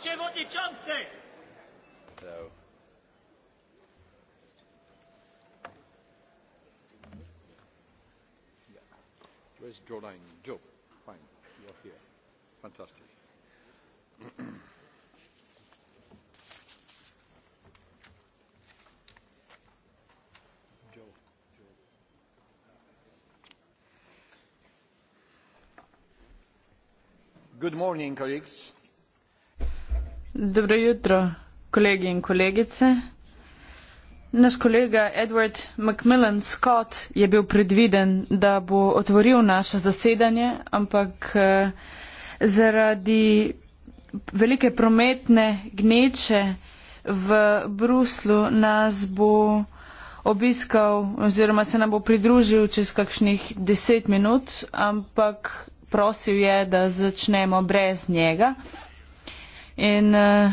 Przewodniczący! So. Yeah. Where's Jolene? Jo, fine, you're here. Fantastic. Good morning, colleagues. Dobro jutro, kolegi in kolegice. Naš kolega Edward McMillan Scott je bil predviden, da bo otvoril naše zasedanje, ampak eh, zaradi velike prometne gneče v Bruslu nas bo obiskal oziroma se nam bo pridružil čez kakšnih deset minut, ampak prosil je, da začnemo brez njega. In uh,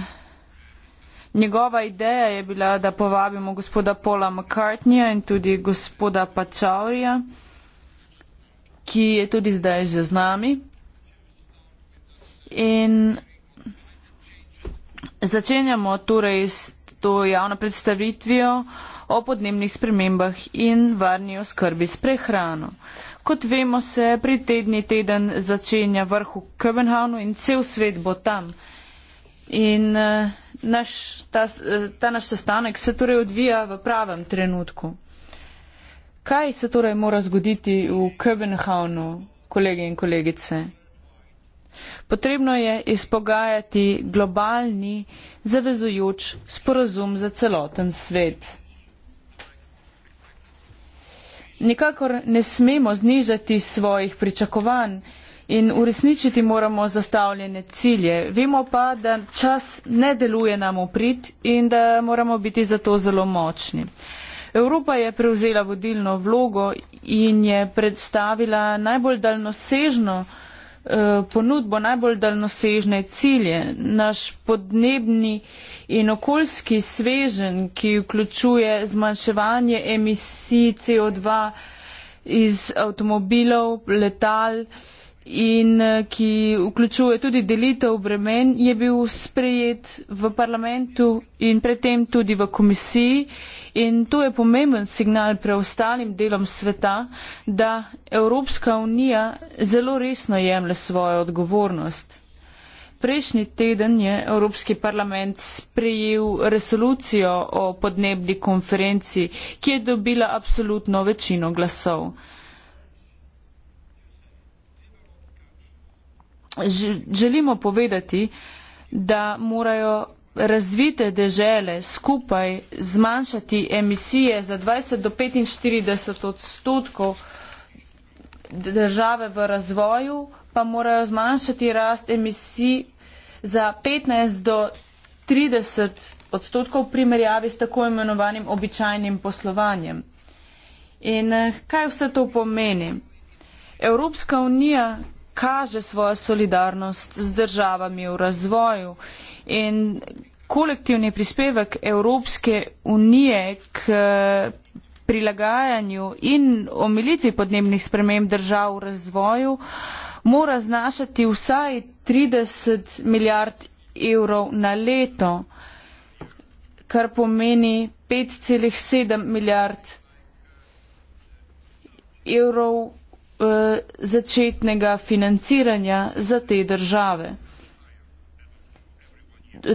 njegova ideja je bila, da povabimo gospoda Paula McCartneya in tudi gospoda Pačaurija, ki je tudi zdaj že z nami. In začenjamo torej s to javno predstavitvijo o podnebnih spremembah in varni oskrbi s prehrano. Kot vemo, se pri tedni teden začenja vrhu Kopenhavnu in cel svet bo tam. Uh, In eh, naš, ta, eh, ta naš sestanek se torej odvija v pravem trenutku. Kaj se torej mora zgoditi v Köbenhavnu, kolege in kolegice? Potrebno je izpogajati globalni, zavezujoč sporozum za celoten svet. Nikakor ne smemo znižati svojih pričakovanj, in uresničiti moramo zastavljene cilje. Vemo pa, da čas ne deluje nam uprit in da moramo biti zato zelo močni. Evropa je prevzela vodilno vlogo in je predstavila najbolj daljnosežno eh, ponudbo najbolj daljnosežne cilje. Naš podnebni in okoljski svežen, ki vključuje zmanjševanje emisij CO2 iz avtomobilov, letal, in eh, ki vključuje tudi delitev bremen, je bil sprejet v parlamentu in predtem tudi v komisiji. In to je pomemben signal preostalim delom sveta, da Evropska unija zelo resno jemlje svojo odgovornost. Prejšnji teden je Evropski parlament sprejel resolucijo o podnebni konferenci, ki je dobila absolutno večino glasov. želimo povedati, da morajo razvite dežele skupaj zmanjšati emisije za 20 do 45 odstotkov države v razvoju, pa morajo zmanjšati rast emisij za 15 do 30 odstotkov v primerjavi s tako imenovanim običajnim poslovanjem. In eh, kaj vse to pomeni? Evropska unija, kaže svojo solidarnost z državami v razvoju. In kolektivni prispevek Evropske unije k eh, prilagajanju in omilitvi podnebnih sprememb držav v razvoju mora znašati vsaj 30 milijard evrov na leto, kar pomeni 5,7 milijard evrov Eh, začetnega financiranja za te države.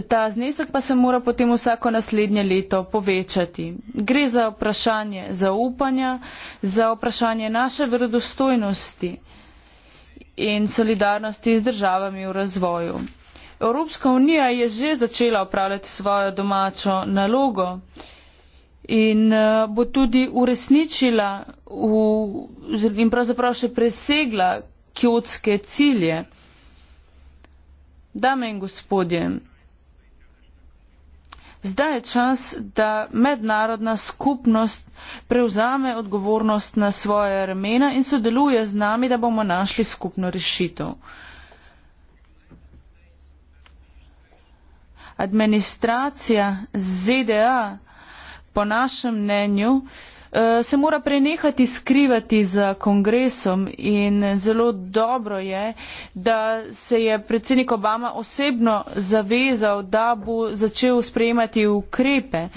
Ta znesek pa se mora potem vsako naslednje leto povečati. Gre za vprašanje zaupanja, za vprašanje naše verodostojnosti in solidarnosti z državami v razvoju. Evropska unija je že začela upravljati svojo domačo nalogo. Uh, in uh, bo tudi uresničila v, in pravzaprav še presegla kjotske cilje. Dame in gospodje, zdaj je čas, da mednarodna skupnost prevzame odgovornost na svoje ramena in sodeluje z nami, da bomo našli skupno rešitev. Administracija ZDA po našem mnenju eh, se mora prenehati skrivati za kongresom in zelo dobro je, da se je predsednik Obama osebno zavezal, da bo začel sprejemati ukrepe.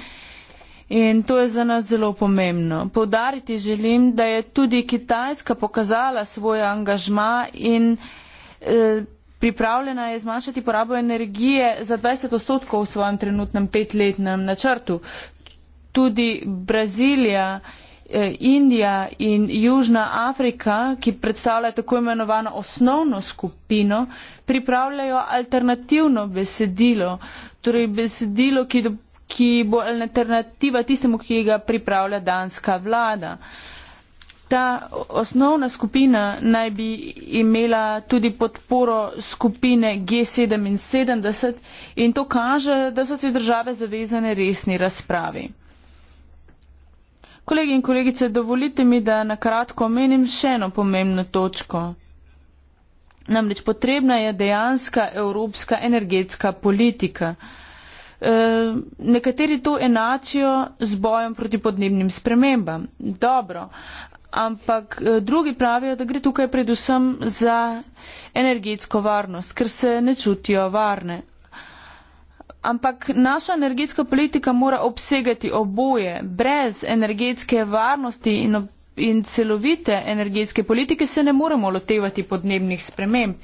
In to je za nas zelo pomembno. Povdariti želim, da je tudi Kitajska pokazala svoj angažma in e, pripravljena je zmanjšati porabo energije za 20 odstotkov v svojem trenutnem petletnem načrtu tudi Brazilija, eh, Indija in Južna Afrika, ki predstavljajo tako imenovano osnovno skupino, pripravljajo alternativno besedilo, torej besedilo, ki, do, ki bo alternativa tistemu, ki ga pripravlja danska vlada. Ta osnovna skupina naj bi imela tudi podporo skupine G77 in to kaže, da so se države zavezane resni razpravi. Kolegi in kolegice, dovolite mi, da na kratko omenim še eno pomembno točko. Namreč potrebna je dejanska evropska energetska politika. E, nekateri to enačijo z bojem proti podnebnim spremembam. Dobro, ampak e, drugi pravijo, da gre tukaj predvsem za energetsko varnost, ker se ne čutijo varne. Ampak naša energetska politika mora obsegati oboje. Brez energetske varnosti in, in celovite energetske politike se ne moremo lotevati podnebnih sprememb.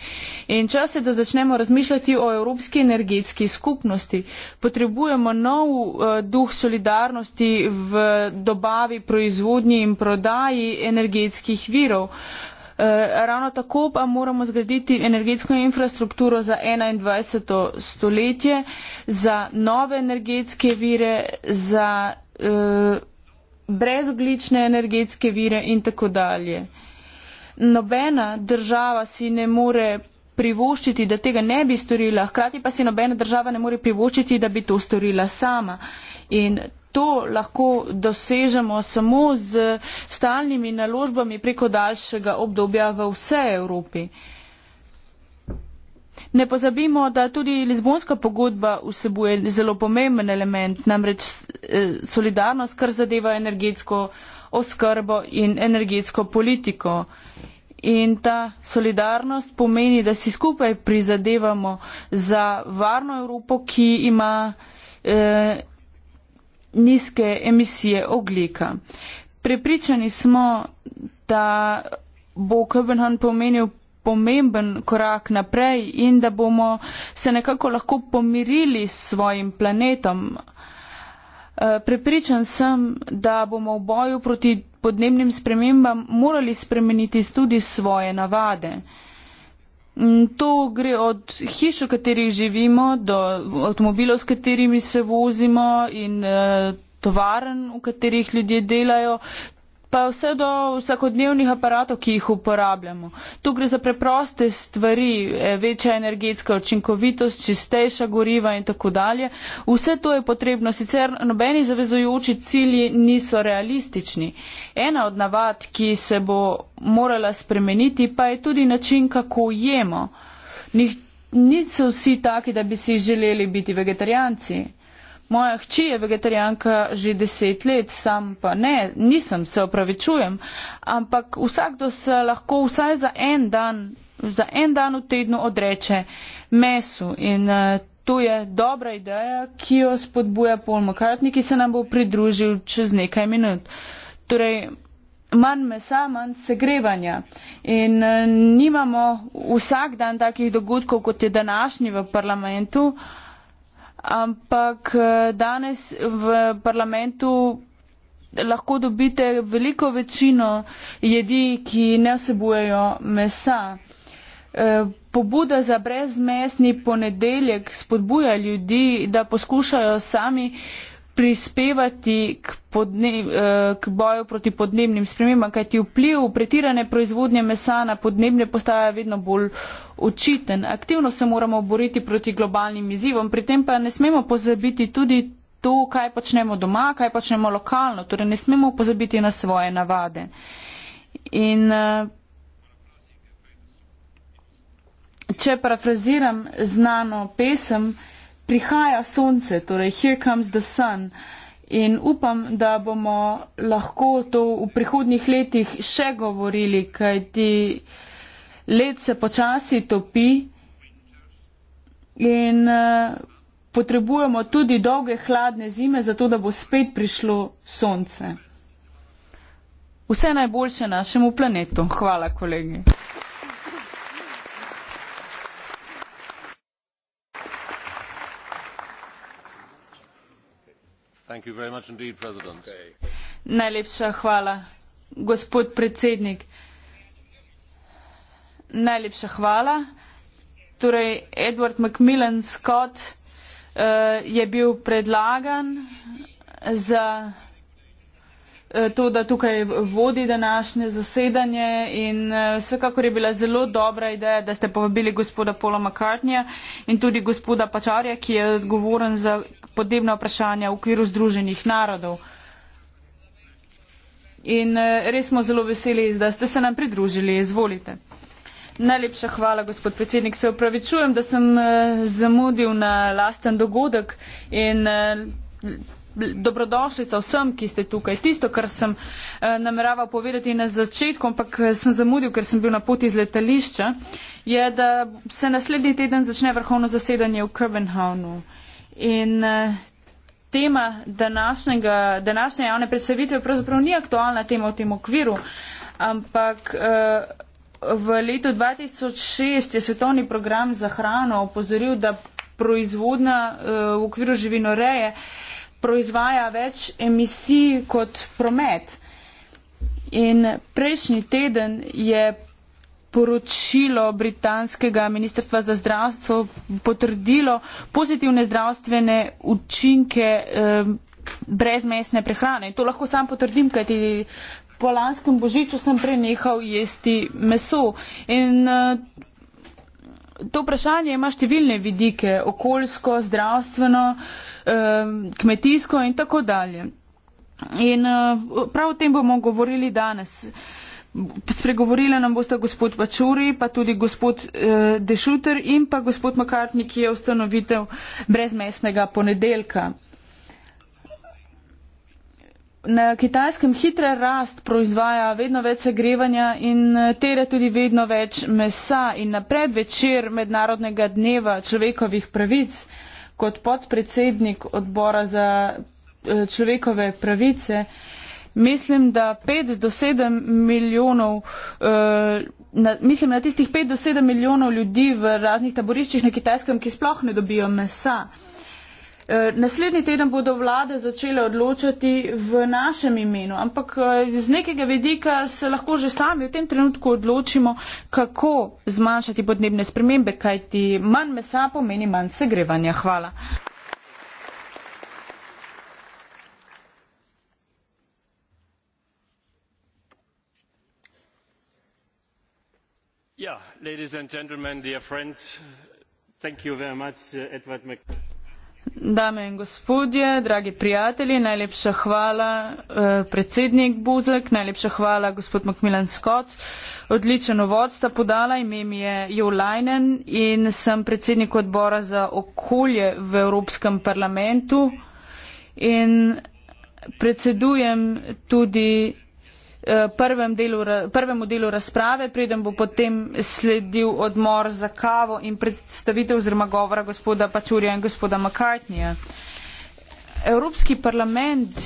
In čas je, da začnemo razmišljati o evropski energetski skupnosti. Potrebujemo nov uh, duh solidarnosti v dobavi, proizvodnji in prodaji energetskih virov. Uh, Eh, ravno tako pa moramo zgraditi energetsko infrastrukturo za 21. stoletje, za nove energetske vire, za uh, brezoglične energetske vire in tako dalje. Nobena država si ne more privoščiti, da tega ne bi storila, hkrati pa si nobena država ne more privoščiti, da bi to storila sama. In to lahko dosežemo samo z stalnimi naložbami preko daljšega obdobja v vse Evropi. Ne pozabimo, da tudi Lizbonska pogodba vsebuje zelo pomemben element, namreč eh, solidarnost, kar zadeva energetsko oskrbo in energetsko politiko. In ta solidarnost pomeni, da si skupaj prizadevamo za varno Evropo, ki ima eh, nizke emisije oglika. Prepričani smo, da bo Kobenhan pomenil pomemben korak naprej in da bomo se nekako lahko pomirili s svojim planetom. Eh, prepričan sem, da bomo v boju proti podnebnim spremembam morali spremeniti tudi svoje navade. Mm, to gre od hiš, v katerih živimo, do avtomobilov, s katerimi se vozimo in eh, tovaren, v katerih ljudje delajo, pa vse do vsakodnevnih aparatov, ki jih uporabljamo. Tu gre za preproste stvari, eh, večja energetska očinkovitost, čistejša goriva in tako dalje. Vse to je potrebno, sicer nobeni zavezujoči cilji niso realistični. Ena od navad, ki se bo morala spremeniti, pa je tudi način, kako jemo. Niso vsi taki, da bi si želeli biti vegetarijanci. Moja hči je vegetarijanka že deset let, sam pa ne, nisem, se opravičujem, ampak vsakdo se lahko vsaj za en dan, za en dan v tednu odreče mesu in eh, to je dobra ideja, ki jo spodbuja Paul McCartney, ki se nam bo pridružil čez nekaj minut. Torej, manj mesa, manj segrevanja in eh, nimamo vsak dan takih dogodkov, kot je današnji v parlamentu ampak eh, danes v parlamentu lahko dobite veliko večino jedi, ki ne vsebujejo mesa. Eh, pobuda za brezmesni ponedeljek spodbuja ljudi, da poskušajo sami prispevati k, podnev, eh, k boju proti podnebnim spremembam, kajti vpliv pretirane proizvodnje mesa na podnebne postaja vedno bolj očiten. Aktivno se moramo boriti proti globalnim izzivom, pri tem pa ne smemo pozabiti tudi to, kaj počnemo doma, kaj počnemo lokalno, torej ne smemo pozabiti na svoje navade. In, eh, če parafraziram znano pesem, prihaja sonce, torej here comes the sun. In upam, da bomo lahko to v prihodnjih letih še govorili, kajti let se počasi topi in eh, potrebujemo tudi dolge hladne zime, zato da bo spet prišlo sonce. Vse najboljše našemu planetu. Hvala, kolegi. gospod predsednik najlepša hvala torej edward mcmillan scott eh, je bil predlagan za eh, to da tukaj vodi današnje zasedanje in eh, vsekakor je bila zelo dobra ideja da ste povabili gospoda paula mccartneyja in tudi gospoda pacharja ki je odgovoren za podnebna vprašanja v okviru Združenih narodov. In eh, res smo zelo veseli, da ste se nam pridružili. Izvolite. Najlepša hvala, gospod predsednik. Se upravičujem, da sem eh, zamudil na lasten dogodek in eh, dobrodošlica vsem, ki ste tukaj. Tisto, kar sem nameraval povedati na začetku, ampak sem zamudil, ker sem bil na poti iz letališča, je, da se naslednji teden začne vrhovno zasedanje v Kopenhavnu. In uh, tema današnje javne predstavitve pravzaprav ni aktualna tema v tem okviru, ampak. Uh, V letu 2006 je svetovni program za hrano opozoril, da proizvodna eh, v okviru živinoreje proizvaja več emisij kot promet. In prejšnji teden je poročilo britanskega ministrstva za zdravstvo potrdilo pozitivne zdravstvene učinke eh, brezmesne prehrane. In to lahko sam potrdim, kajti po lanskem božiču sem prenehal jesti meso. In, eh, To vprašanje ima številne vidike, okoljsko, zdravstveno, eh, kmetijsko in tako dalje. In eh, prav o tem bomo govorili danes. Spregovorila nam bosta gospod Pačuri, pa tudi gospod eh, Dešuter in pa gospod Makartni, ki je ustanovitev brezmestnega ponedeljka. Na kitajskem hitra rast proizvaja vedno več segrevanja in eh, tere tudi vedno več mesa in na predvečer Mednarodnega dneva človekovih pravic kot podpredsednik odbora za eh, človekove pravice eh, mislim, da 5 do 7 milijonov, uh, na, mislim na tistih 5 do 7 milijonov ljudi v raznih taboriščih na Kitajskem, ki sploh ne dobijo mesa. Eh, naslednji teden bodo vlade začele odločati v našem imenu, ampak eh, z nekega vidika se lahko že sami v tem trenutku odločimo, kako zmanjšati podnebne spremembe, kajti manj mesa pomeni manj segrevanja. Hvala. Ja, ladies and gentlemen, dear friends, thank you very much, uh, Edward McCarthy. Dame in gospodje, dragi prijatelji, najlepša hvala, eh, predsednik Buzek, najlepša hvala, gospod Macmillan Scott. Odličen uvod sta podala, ime mi je Jo Leinen in sem predsednik odbora za okolje v Evropskem parlamentu in predsedujem tudi Eh, prvem delu, prvemu delu razprave, preden bo potem sledil odmor za kavo in predstavitev oziroma govora gospoda Pačurja in gospoda Makartnija. Evropski parlament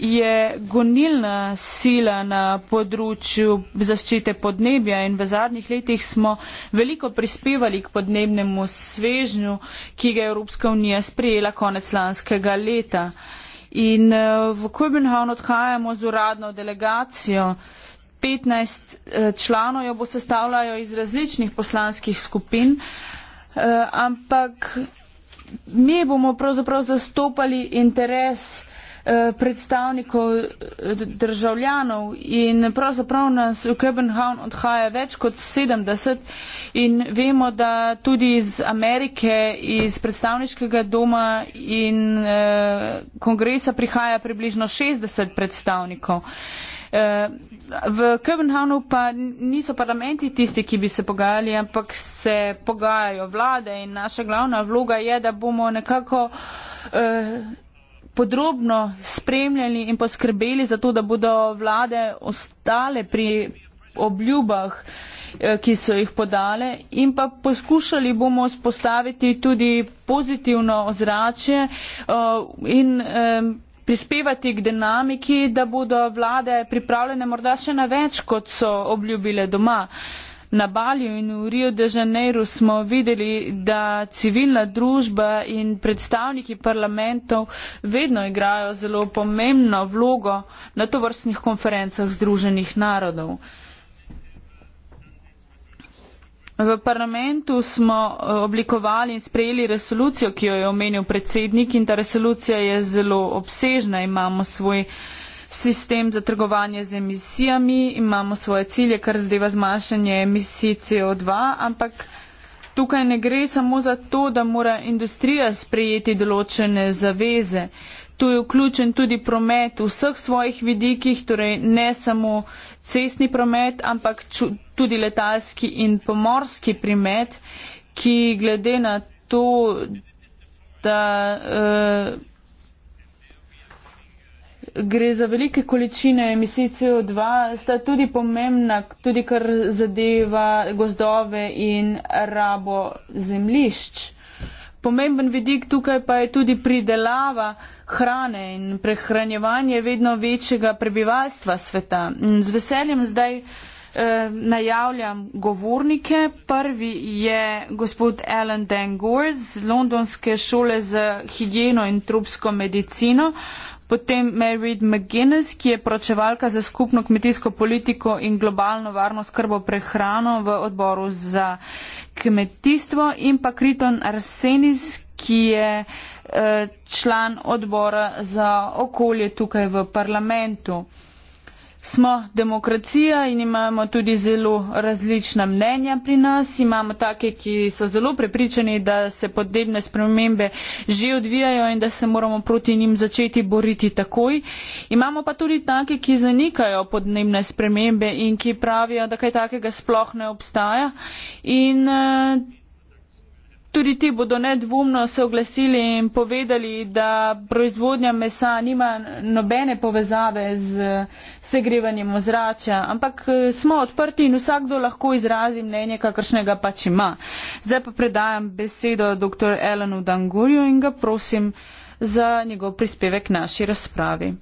je gonilna sila na področju zaščite podnebja in v zadnjih letih smo veliko prispevali k podnebnemu svežnju, ki ga je Evropska unija sprejela konec lanskega leta. Uh, In eh, v Kubenhavn odhajamo z uradno delegacijo. 15 eh, članov jo bo sestavljajo iz različnih poslanskih skupin, eh, ampak mi bomo pravzaprav zastopali interes Eh, predstavnikov eh, državljanov in pravzaprav nas v Kebenhavn odhaja več kot 70 in vemo, da tudi iz Amerike, iz predstavniškega doma in eh, kongresa prihaja približno 60 predstavnikov. V Kebenhavnu pa niso parlamenti tisti, ki bi se pogajali, ampak se pogajajo vlade in naša glavna vloga je, da bomo nekako podrobno spremljali in poskrbeli za to, da bodo vlade ostale pri obljubah, eh, ki so jih podale in pa poskušali bomo spostaviti tudi pozitivno ozračje eh, in prispevati k dinamiki, da bodo vlade pripravljene morda še na več, kot so obljubile doma. Na Balju in v Rio de Janeiro smo videli, da civilna družba in predstavniki parlamentov vedno igrajo zelo pomembno vlogo na tovrstnih konferencah Združenih narodov. V parlamentu smo eh, oblikovali in sprejeli resolucijo, ki jo je omenil predsednik in ta resolucija je zelo obsežna, imamo svoj sistem za trgovanje z emisijami, imamo svoje cilje, kar zadeva zmanjšanje emisij CO2, ampak tukaj ne gre samo za to, da mora industrija sprejeti določene zaveze. Tu je vključen tudi promet v vseh svojih vidikih, torej ne samo cestni promet, ampak ču, tudi letalski in pomorski promet, ki glede na to, da. Uh, gre za velike količine emisij CO2, sta tudi pomembna, tudi kar zadeva gozdove in rabo zemlišč. Pomemben vidik tukaj pa je tudi pridelava hrane in prehranjevanje vedno večjega prebivalstva sveta. Z veseljem zdaj eh, najavljam govornike. Prvi je gospod Alan Dangor z Londonske šole za higieno in trupsko medicino potem Mary Reid McGuinness, ki je pročevalka za skupno kmetijsko politiko in globalno varnost krbo prehrano v odboru za kmetijstvo in pa Kriton Arsenis, ki je eh, član odbora za okolje tukaj v parlamentu smo demokracija in imamo tudi zelo različna mnenja pri nas. Imamo take, ki so zelo prepričani, da se podnebne spremembe že odvijajo in da se moramo proti njim začeti boriti takoj. Imamo pa tudi take, ki zanikajo podnebne spremembe in ki pravijo, da kaj takega sploh ne obstaja. In, uh, Tudi ti bodo nedvomno se oglasili in povedali, da proizvodnja mesa nima nobene povezave z segrevanjem ozračja, ampak eh, smo odprti in vsakdo lahko izrazi mnenje, kakršnega pač ima. Zdaj pa predajam besedo dr. Elenu Dangurju in ga prosim za njegov prispevek naši razpravi.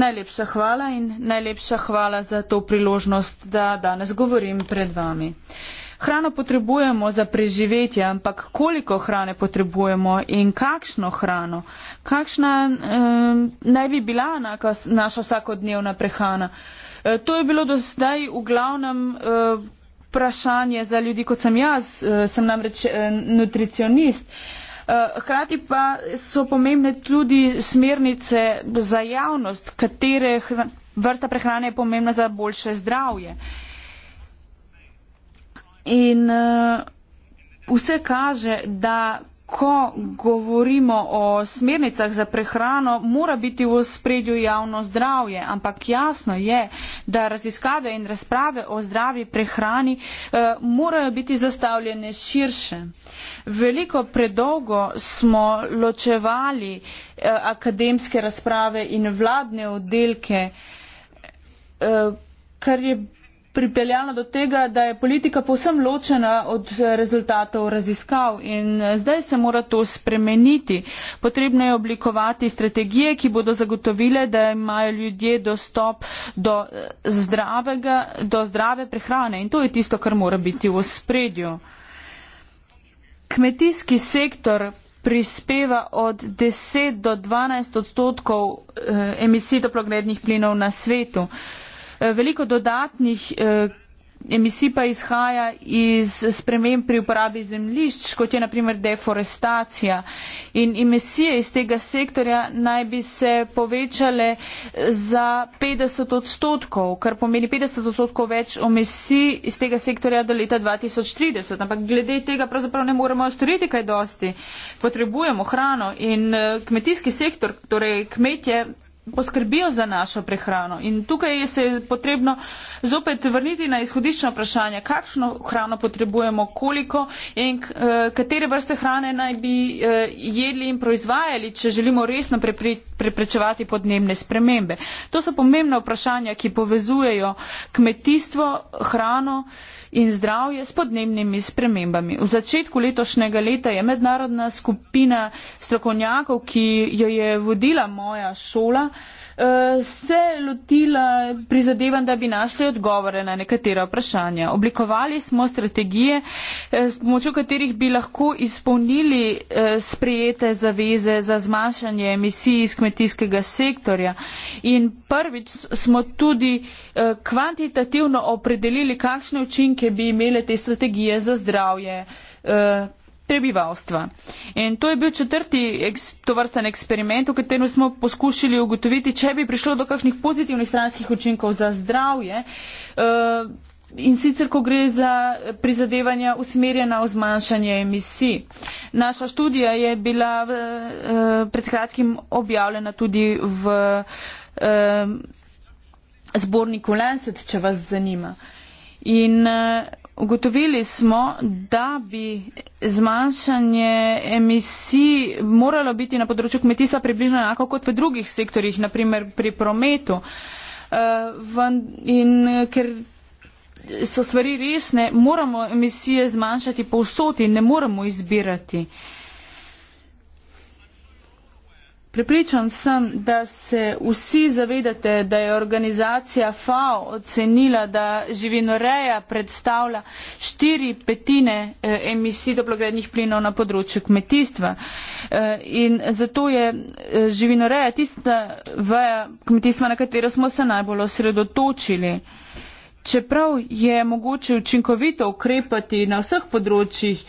Najlepša hvala in najlepša hvala za to priložnost, da danes govorim pred vami. Uh, Hrano potrebujemo za preživetje, ampak koliko hrane potrebujemo in kakšno hrano? Kakšna eh, naj bi bila naša vsakodnevna prehrana? Eh, to je bilo do zdaj v glavnem eh, vprašanje eh, za ljudi, kot sem jaz, eh, sem namreč eh, nutricionist. Eh, hkrati pa so pomembne tudi smernice za javnost, katere vrsta prehrane je pomembna za boljše zdravje. Uh, In uh, vse kaže, da ko govorimo o smernicah za prehrano, mora biti v spredju javno zdravje. Ampak jasno je, da raziskave in razprave o zdravi prehrani uh, morajo biti zastavljene širše. Veliko predolgo smo ločevali uh, akademske razprave in vladne oddelke. Uh, Kar je pripeljalo do tega, da je politika povsem ločena od eh, rezultatov raziskav in eh, zdaj se mora to spremeniti. Potrebno je oblikovati strategije, ki bodo zagotovile, da imajo ljudje dostop do, eh, zdravega, do zdrave prehrane in to je tisto, kar mora biti v spredju. Kmetijski sektor prispeva od 10 do 12 odstotkov emisij toplogrednih plinov na svetu. Eh, veliko dodatnih eh, emisij pa izhaja iz sprememb pri uporabi zemljišč, kot je naprimer deforestacija. In emisije iz tega sektorja naj bi se povečale eh, za 50 odstotkov, kar pomeni 50 odstotkov več emisij iz tega sektorja do leta 2030. Ampak glede tega pravzaprav ne moremo storiti kaj dosti. Potrebujemo hrano in kmetijski sektor, torej kmetje, poskrbijo za našo prehrano. In tukaj se je potrebno zopet vrniti na izhodiščno vprašanje, kakšno hrano potrebujemo, koliko in eh, katere vrste hrane naj bi eh, jedli in proizvajali, če želimo resno preprečevati podnebne spremembe. To so pomembna vprašanja, ki povezujejo kmetijstvo, hrano in zdravje s podnebnimi spremembami. V začetku letošnjega leta je mednarodna skupina strokovnjakov, ki jo je vodila moja šola, Eh, se lotila prizadevanj, da bi našli odgovore na nekatera vprašanja. Oblikovali smo strategije, eh, s pomočjo katerih bi lahko izpolnili eh, sprejete zaveze za zmanjšanje emisij iz kmetijskega sektorja. In prvič smo tudi kvantitativno opredelili, kakšne učinke bi imele te strategije za zdravje prebivalstva. In to je bil četrti eks, tovrsten eksperiment, v katerem smo poskušali ugotoviti, če bi prišlo do kakšnih pozitivnih stranskih učinkov za zdravje. Uh, In sicer, ko gre za prizadevanja usmerjena v zmanjšanje emisij. Naša študija je bila v, eh, pred kratkim objavljena tudi v eh, zborniku Lancet, če vas zanima. In eh, Ugotovili smo, da bi zmanjšanje emisij moralo biti na področju kmetijstva približno enako kot v drugih sektorjih, naprimer pri prometu. Eh, in ker so stvari resne, moramo emisije zmanjšati povsod in ne moramo izbirati. Pripričan sem, da se vsi zavedate, da je organizacija FAO ocenila, da živinoreja predstavlja štiri petine eh, emisij toplogrednih plinov na področju kmetijstva. Eh, in zato je eh, živinoreja tista veja kmetijstva, na katero smo se najbolj osredotočili. Čeprav je mogoče učinkovito ukrepati na vseh področjih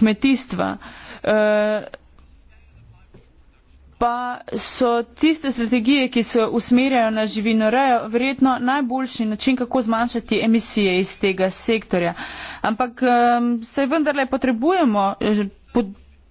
kmetijstva, pa so tiste strategije, ki se usmerjajo na živinorejo, verjetno najboljši način, kako zmanjšati emisije iz tega sektorja. Ampak um, ehm, se vendarle potrebujemo eh, pod,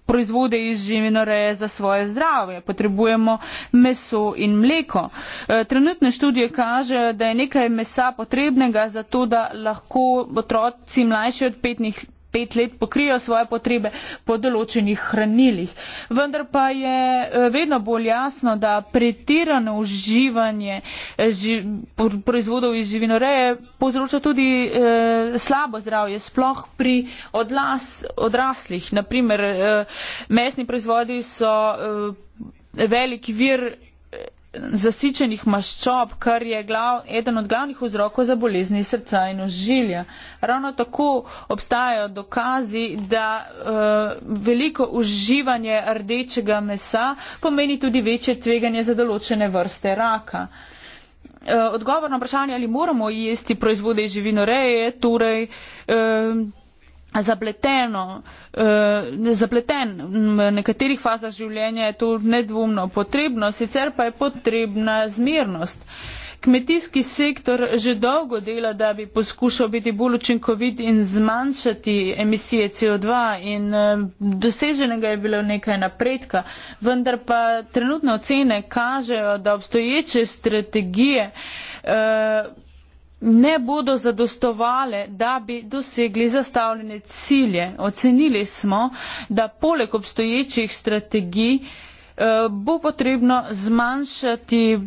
proizvode iz živinoreje za svoje zdravje, potrebujemo meso in mleko. E, trenutne študije kažejo, da je nekaj mesa potrebnega za to, da lahko otroci mlajši od 15 pet let pokrijo svoje potrebe po določenih hranilih. Vendar pa je eh, vedno bolj jasno, da pretirano uživanje eh, ži, proizvodov iz živinoreje povzroča tudi eh, slabo zdravje, sploh pri odlas, odraslih. Naprimer, eh, mesni proizvodi so eh, velik vir zasičenih maščob, kar je glav, eden od glavnih vzrokov za bolezni srca in ožilja. Ravno tako obstajajo dokazi, da uh, veliko uživanje rdečega mesa pomeni tudi večje tveganje za določene vrste raka. Eh, odgovor na vprašanje, ali moramo jesti proizvode iz živinoreje, torej eh, zapleteno, uh, zapleten. V nekaterih fazah življenja je to nedvomno potrebno, sicer pa je potrebna zmernost. Kmetijski sektor že dolgo dela, da bi poskušal biti bolj učinkovit in zmanjšati emisije CO2 in eh, doseženega je bilo nekaj napredka, vendar pa trenutne ocene kažejo, da obstoječe strategije eh, ne bodo zadostovale, da bi dosegli zastavljene cilje. Ocenili smo, da poleg obstoječih strategij eh, bo potrebno zmanjšati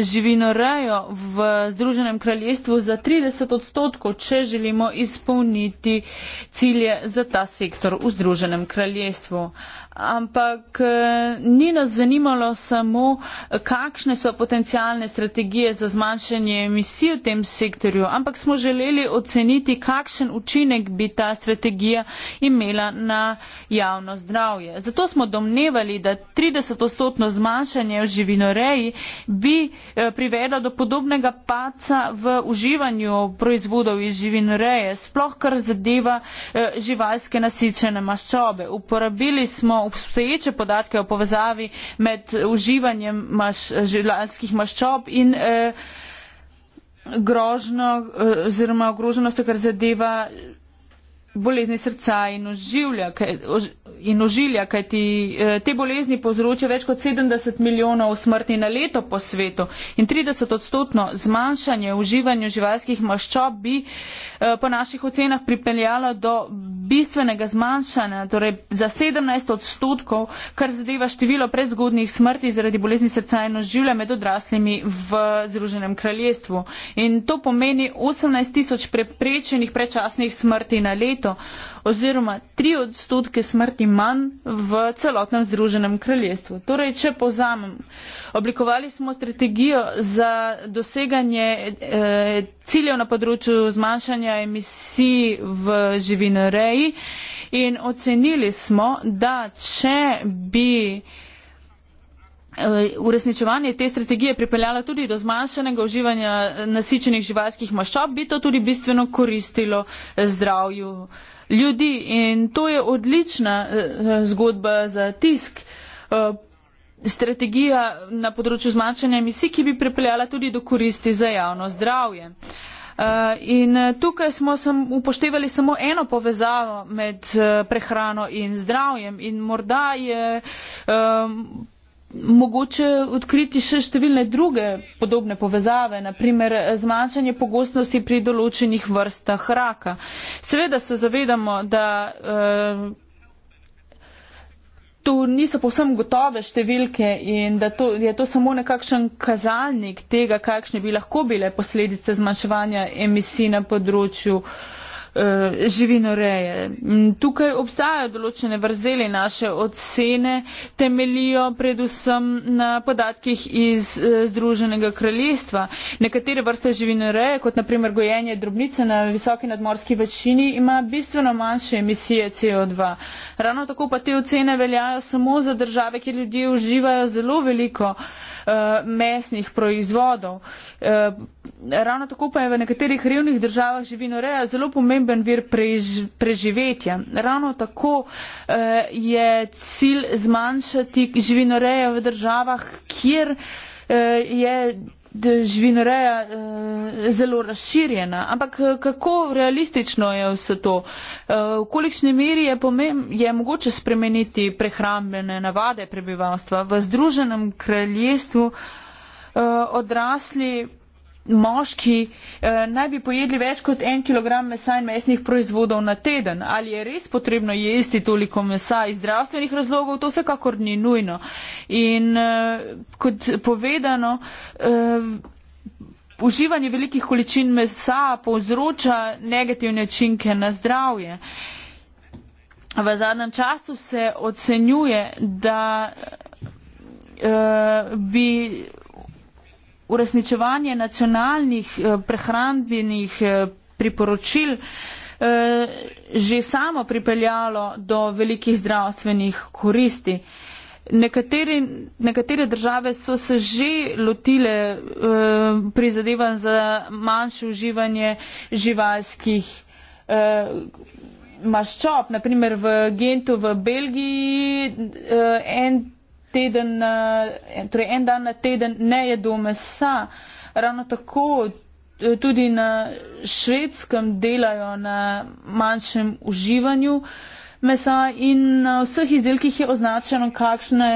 živinorejo v Združenem kraljestvu za 30 odstotkov, če želimo izpolniti cilje za ta sektor v Združenem kraljestvu ampak eh, ni nas zanimalo samo, kakšne so potencijalne strategije za zmanjšanje emisij v tem sektorju, ampak smo želeli oceniti, kakšen učinek bi ta strategija imela na javno zdravje. Zato smo domnevali, da 30-odstotno zmanjšanje v živinoreji bi eh, privedlo do podobnega paca v uživanju proizvodov iz živinoreje, sploh kar zadeva eh, živalske nasičene maščobe. Uporabili smo obstoječe podatke o povezavi med uživanjem maš, živalskih maščob in eh, grožno eh, oziroma ogroženost, kar zadeva bolezni srca in oživlja, in oživlja, kaj ti eh, te bolezni povzroča več kot 70 milijonov smrti na leto po svetu in 30 odstotno zmanjšanje uživanja živalskih maščob bi eh, po naših ocenah pripeljalo do bistvenega zmanjšanja, torej za 17 odstotkov, kar zadeva število predzgodnih smrti zaradi bolezni srca in oživlja med odraslimi v Združenem kraljestvu. In to pomeni 18 tisoč preprečenih predčasnih smrti na leto leto oziroma 3 odstotke smrti manj v celotnem združenem kraljestvu. Torej, če povzamem, oblikovali smo strategijo za doseganje eh, ciljev na področju zmanjšanja emisij v živinoreji in ocenili smo, da če bi Eh, uresničevanje te strategije pripeljalo tudi do zmanjšanega uživanja nasičenih živalskih maščob, bi to tudi bistveno koristilo eh, zdravju ljudi. In to je odlična eh, zgodba za tisk. Strategija na področju zmanjšanja emisij, ki bi pripeljala tudi do koristi za javno zdravje. In tukaj smo upoštevali samo eno povezavo med prehrano in zdravjem. In morda je mogoče odkriti še številne druge podobne povezave, naprimer zmanjšanje pogostnosti pri določenih vrstah raka. Seveda se zavedamo, da uh, to niso povsem gotove številke in da to, je to samo nekakšen kazalnik tega, kakšne bi lahko bile posledice zmanjševanja emisij na področju uh, Eh, živinoreje. Mm, tukaj obstajajo določene vrzeli naše ocene, temelijo predvsem na podatkih iz eh, Združenega kraljestva. Nekatere vrste živinoreje, kot naprimer gojenje drobnice na visoki nadmorski večini, ima bistveno manjše emisije CO2. Ravno tako pa te ocene veljajo samo za države, kjer ljudje uživajo zelo veliko uh, mesnih proizvodov. Uh, ravno tako pa je v nekaterih revnih državah živinoreja zelo pomemben vir prež, preživetja. Ravno tako eh, je cilj zmanjšati živinoreje v državah, kjer eh, je živinoreja eh, zelo razširjena. Ampak eh, kako realistično je vse to? Eh, v kolikšni meri je, pomem, je mogoče spremeniti prehrambene navade prebivalstva v Združenem kraljestvu? Eh, odrasli moški eh, naj bi pojedli več kot en kilogram mesa in mesnih proizvodov na teden. Ali je res potrebno jesti toliko mesa iz zdravstvenih razlogov, to vsekakor ni nujno. In eh, kot povedano, eh, uživanje velikih količin mesa povzroča negativne činke na zdravje. V zadnjem času se ocenjuje, da bi uresničevanje nacionalnih eh, prehrambenih eh, priporočil eh, že samo pripeljalo do velikih zdravstvenih koristi. Nekateri, nekatere države so se že lotile prizadevan za manjše uživanje živalskih maščob. Naprimer v Gentu v Belgiji en teden, eh, torej en dan na teden ne jedo mesa. Ravno tako eh, tudi na švedskem delajo na manjšem uživanju mesa in na vseh izdelkih je označeno, kakšne,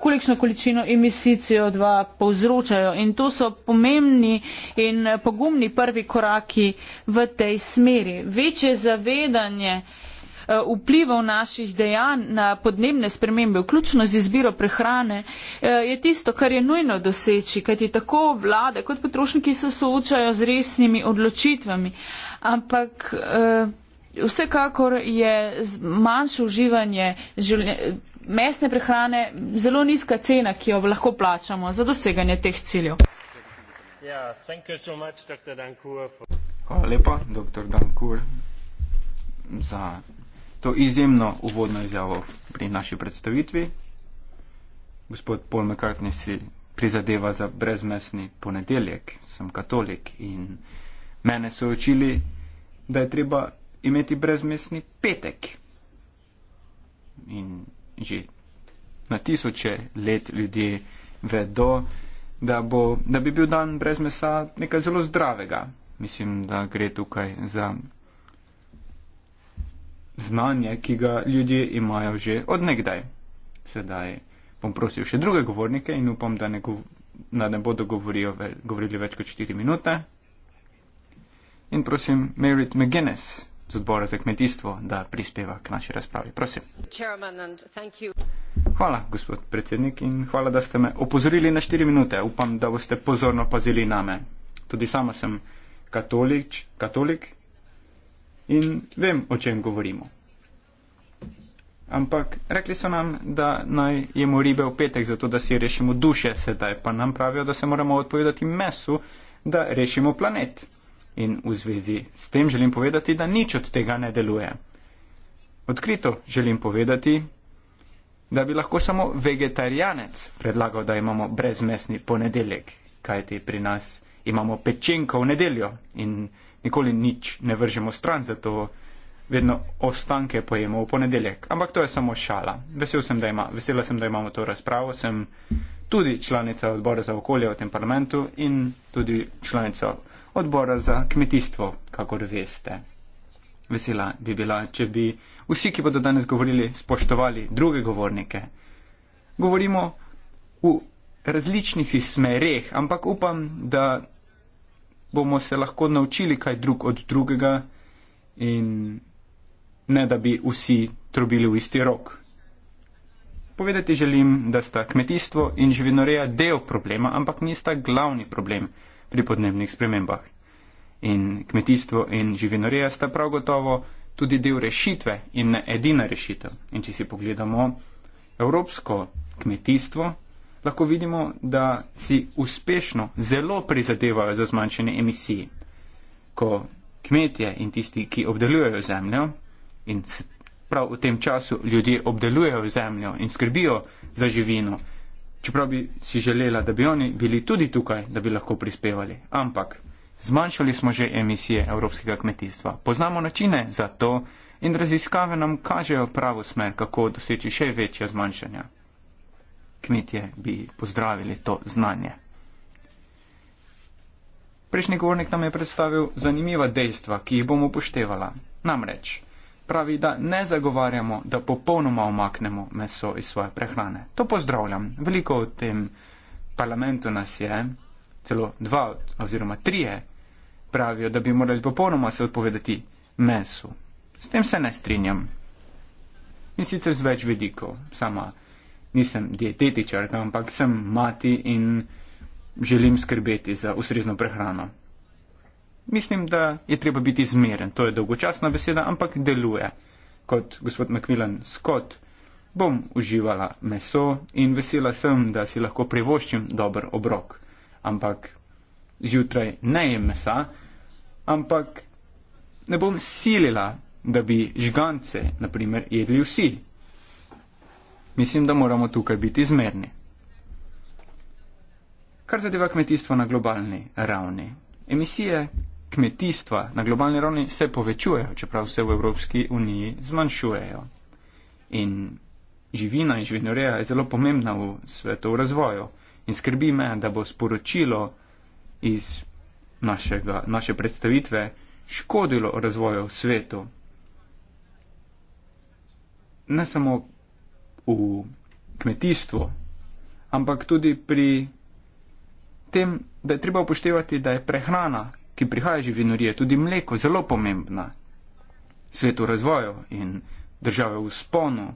kolikšno količino emisij CO2 povzročajo. In to so pomembni in pogumni prvi koraki v tej smeri. Večje zavedanje. Eh, vplivov naših dejanj na podnebne spremembe, vključno z izbiro prehrane, eh, je tisto, kar je nujno doseči, kajti tako vlade kot potrošniki se soočajo z resnimi odločitvami. Ampak eh, vsekakor je manjše uživanje mesne prehrane zelo nizka cena, ki jo lahko plačamo za doseganje teh ciljev. Ja, Hvala lepa, dr. Dankur, za to izjemno uvodno izjavo pri naši predstavitvi. Gospod Paul McCartney si prizadeva za brezmesni ponedeljek, sem katolik in mene so učili, da je treba imeti brezmesni petek. In že na tisoče let ljudje vedo, da, bo, da bi bil dan brez mesa nekaj zelo zdravega. Mislim, da gre tukaj za znanje, ki ga ljudje imajo že odnegdaj. Sedaj bom prosil še druge govornike in upam, da ne, gov da ne bodo govorijo ve govorili več kot 4 minute. In prosim Merit McGuinness z odbora za kmetijstvo, da prispeva k naši razpravi. Prosim. Hvala, gospod predsednik, in hvala, da ste me opozorili na 4 minute. Upam, da boste pozorno pazili name. Tudi sama sem katolič, katolik In vem, o čem govorimo. Ampak rekli so nam, da naj jemo ribe v petek, zato da si rešimo duše, sedaj pa nam pravijo, da se moramo odpovedati mesu, da rešimo planet. In v zvezi s tem želim povedati, da nič od tega ne deluje. Odkrito želim povedati, da bi lahko samo vegetarijanec predlagal, da imamo brezmesni ponedeljek, kajti pri nas imamo pečenko v nedeljo in nikoli nič ne vržemo stran, zato vedno ostanke pojemo v ponedeljek. Ampak to je samo šala. Vesel sem, da, ima, vesela sem, da imamo to razpravo. Sem tudi članica odbora za okolje v tem parlamentu in tudi članica odbora za kmetijstvo, kakor veste. Vesela bi bila, če bi vsi, ki bodo danes govorili, spoštovali druge govornike. Govorimo v različnih smereh, ampak upam, da bomo se lahko naučili kaj drug od drugega in ne da bi vsi trobili v isti rok. Povedati želim, da sta kmetijstvo in živinoreja del problema, ampak nista glavni problem pri podnebnih spremembah. In kmetijstvo in živinoreja sta prav gotovo tudi del rešitve in ne edina rešitev. In če si pogledamo evropsko kmetijstvo, lahko vidimo, da si uspešno zelo prizadevajo za zmanjšanje emisij. Ko kmetje in tisti, ki obdelujejo zemljo in prav v tem času ljudje obdelujejo zemljo in skrbijo za živino, čeprav bi si želela, da bi oni bili tudi tukaj, da bi lahko prispevali. Ampak zmanjšali smo že emisije evropskega kmetijstva. Poznamo načine za to in raziskave nam kažejo pravo smer, kako doseči še večja zmanjšanja kmetje bi pozdravili to znanje. Prejšnji govornik nam je predstavil zanimiva dejstva, ki jih bomo upoštevala. Namreč, pravi, da ne zagovarjamo, da popolnoma omaknemo meso iz svoje prehrane. To pozdravljam. Veliko v tem parlamentu nas je, celo dva oziroma trije, pravijo, da bi morali popolnoma se odpovedati mesu. S tem se ne strinjam. In sicer z več vidikov. Sama nisem dietetičarka, ampak sem mati in želim skrbeti za ustrezno prehrano. Mislim, da je treba biti zmeren, to je dolgočasna beseda, ampak deluje. Kot gospod Macmillan Scott bom uživala meso in vesela sem, da si lahko privoščim dober obrok. Ampak zjutraj ne jem mesa, ampak ne bom silila, da bi žgance, naprimer, jedli vsi, Mislim, da moramo tukaj biti izmerni. Kar zadeva kmetijstvo na globalni ravni. Emisije kmetijstva na globalni ravni se povečujejo, čeprav se v Evropski uniji zmanjšujejo. In živina in živinoreja je zelo pomembna v svetu v razvoju. In skrbi me, da bo sporočilo iz našega, naše predstavitve škodilo razvoju v svetu. Ne samo v kmetijstvu, ampak tudi pri tem, da je treba upoštevati, da je prehrana, ki prihaja iz živinorije, tudi mleko, zelo pomembna svetu razvoju in države v sponu.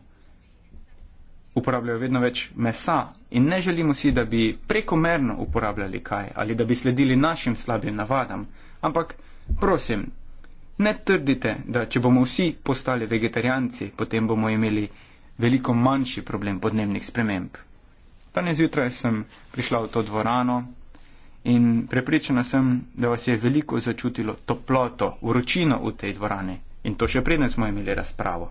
Uporabljajo vedno več mesa in ne želimo si, da bi prekomerno uporabljali kaj ali da bi sledili našim slabim navadam. Ampak prosim, ne trdite, da če bomo vsi postali vegetarijanci, potem bomo imeli veliko manjši problem podnebnih sprememb. Danes zjutraj sem prišla v to dvorano in prepričana sem, da vas je veliko začutilo toploto, vročino v tej dvorani in to še preden smo imeli razpravo.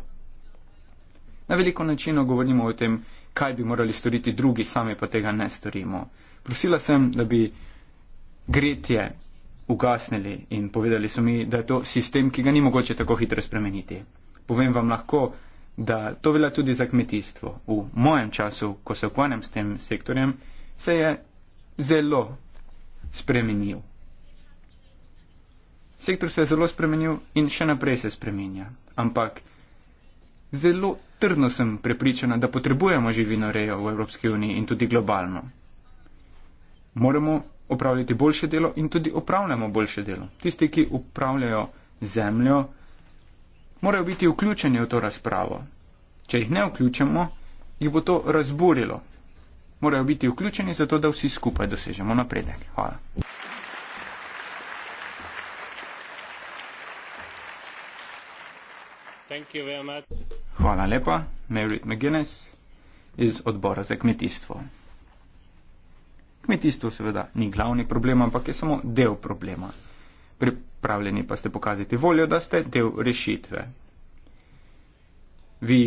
Na veliko načinov govorimo o tem, kaj bi morali storiti drugi, sami pa tega ne storimo. Prosila sem, da bi gretje ugasnili in povedali so mi, da je to sistem, ki ga ni mogoče tako hitro spremeniti. Povem vam lahko, da to velja tudi za kmetijstvo. V mojem času, ko se ukvarjam s tem sektorjem, se je zelo spremenil. Sektor se je zelo spremenil in še naprej se spremenja. Ampak zelo trdno sem prepričana, da potrebujemo živino rejo v Evropski uniji in tudi globalno. Moramo opravljati boljše delo in tudi opravljamo boljše delo. Tisti, ki upravljajo zemljo, morajo biti vključeni v to razpravo. Če jih ne vključimo, jih bo to razburilo. Morajo biti vključeni zato, da vsi skupaj dosežemo napredek. Hvala. Hvala lepa, Merit McGuinness iz odbora za kmetijstvo. Kmetijstvo seveda ni glavni problem, ampak je samo del problema. Pri pravljeni pa ste pokazati voljo, da ste del rešitve. Vi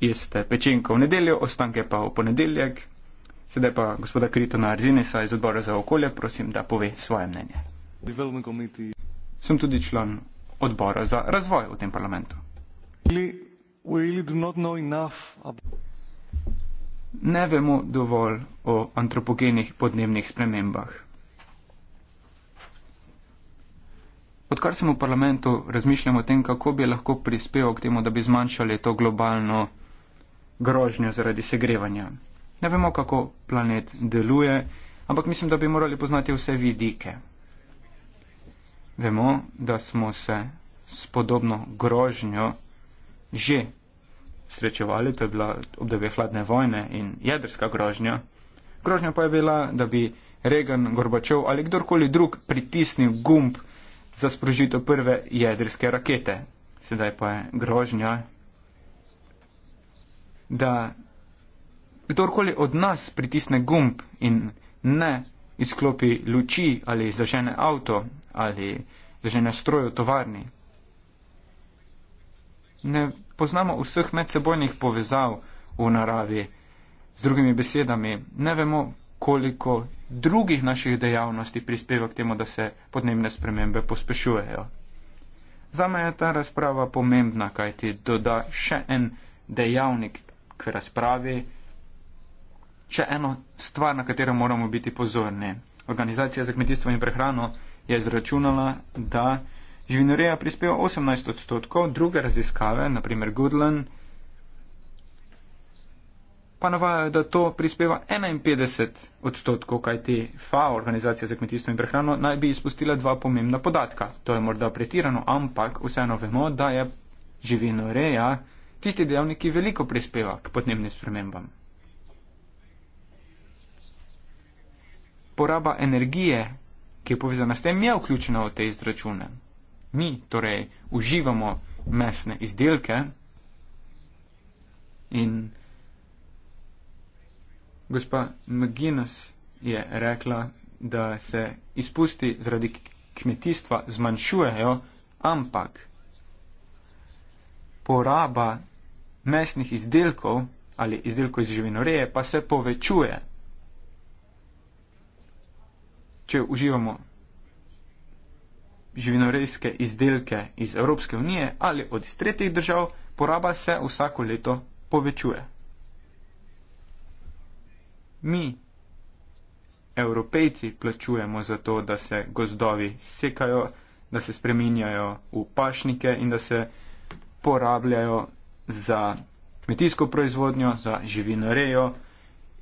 jeste pečenko v nedeljo, ostanke pa v ponedeljek. Sedaj pa gospoda Kritona Arzinesa iz odbora za okolje, prosim, da pove svoje mnenje. Sem tudi član odbora za razvoj v tem parlamentu. Ne vemo dovolj o antropogenih podnebnih spremembah. Odkar sem v parlamentu, razmišljamo o tem, kako bi lahko prispeval k temu, da bi zmanjšali to globalno grožnjo zaradi segrevanja. Ne vemo, kako planet deluje, ampak mislim, da bi morali poznati vse vidike. Vemo, da smo se s podobno grožnjo že srečevali, to je bila obdobje hladne vojne in jedrska grožnja. Grožnja pa je bila, da bi Reagan, Gorbačov ali kdorkoli drug pritisnil gumb, za sprožitev prve jedrske rakete. Sedaj pa je grožnja, da kdorkoli od nas pritisne gumb in ne izklopi luči ali zažene avto ali zažene stroj v tovarni. Ne poznamo vseh medsebojnih povezav v naravi. Z drugimi besedami, ne vemo, koliko drugih naših dejavnosti prispeva k temu, da se podnebne spremembe pospešujejo. Zame je ta razprava pomembna, kaj ti doda še en dejavnik k razpravi, še eno stvar, na katero moramo biti pozorni. Organizacija za kmetijstvo in prehrano je izračunala, da živinoreja prispeva 18 odstotkov, druge raziskave, naprimer Goodland, pa navajajo, da to prispeva 51 odstotkov, kaj ti FA, organizacija za kmetijstvo in prehrano, naj bi izpustila dva pomembna podatka. To je morda pretirano, ampak vseeno vemo, da je živino reja tisti dejavnik, ki veliko prispeva k podnebnim spremembam. Poraba energije, ki je povezana s tem, je vključena v te izračune. Mi torej uživamo mesne izdelke in Gospa McGuinness je rekla, da se izpusti zaradi kmetijstva zmanjšujejo, ampak poraba mesnih izdelkov ali izdelkov iz živinoreje pa se povečuje. Če uživamo živinorejske izdelke iz Evropske unije ali od tretjih držav, poraba se vsako leto povečuje. Mi, evropejci, plačujemo za to, da se gozdovi sekajo, da se spreminjajo v pašnike in da se porabljajo za kmetijsko proizvodnjo, za živinorejo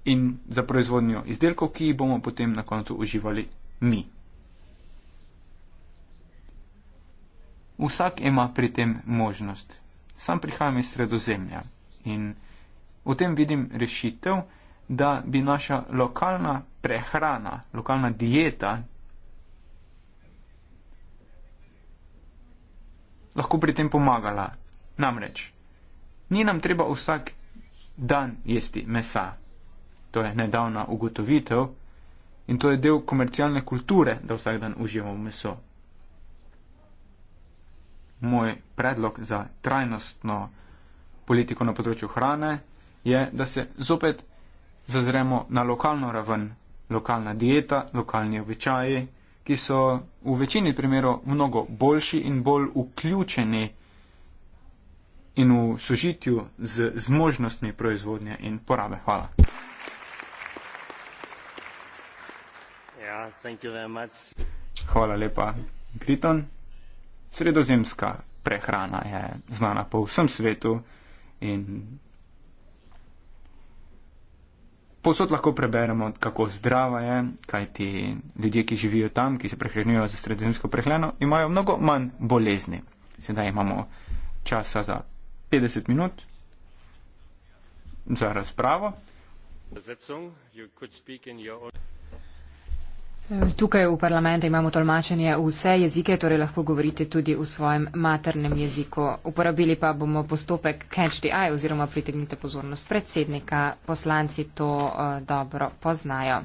in za proizvodnjo izdelkov, ki jih bomo potem na koncu uživali mi. Vsak ima pri tem možnost. Sam prihajam iz sredozemlja in v tem vidim rešitev, da bi naša lokalna prehrana, lokalna dieta lahko pri tem pomagala. Namreč, ni nam treba vsak dan jesti mesa. To je nedavna ugotovitev in to je del komercialne kulture, da vsak dan uživamo meso. Moj predlog za trajnostno politiko na področju hrane je, da se zopet zazremo na lokalno raven, lokalna dieta, lokalni običaji, ki so v večini primerov mnogo boljši in bolj vključeni in v sožitju z zmožnostmi proizvodnje in porabe. Hvala. Ja, Hvala lepa, Griton. Sredozemska prehrana je znana po vsem svetu in Posod lahko preberemo, kako zdrava je, kaj ti ljudje, ki živijo tam, ki se prehranjujejo za sredozemsko prehrano, imajo mnogo manj bolezni. Sedaj imamo časa za 50 minut za razpravo. Tukaj v parlamentu imamo tolmačenje vse jezike, torej lahko govorite tudi v svojem maternem jeziku. Uporabili pa bomo postopek catch the eye oziroma pritegnite pozornost predsednika. Poslanci to uh, dobro poznajo.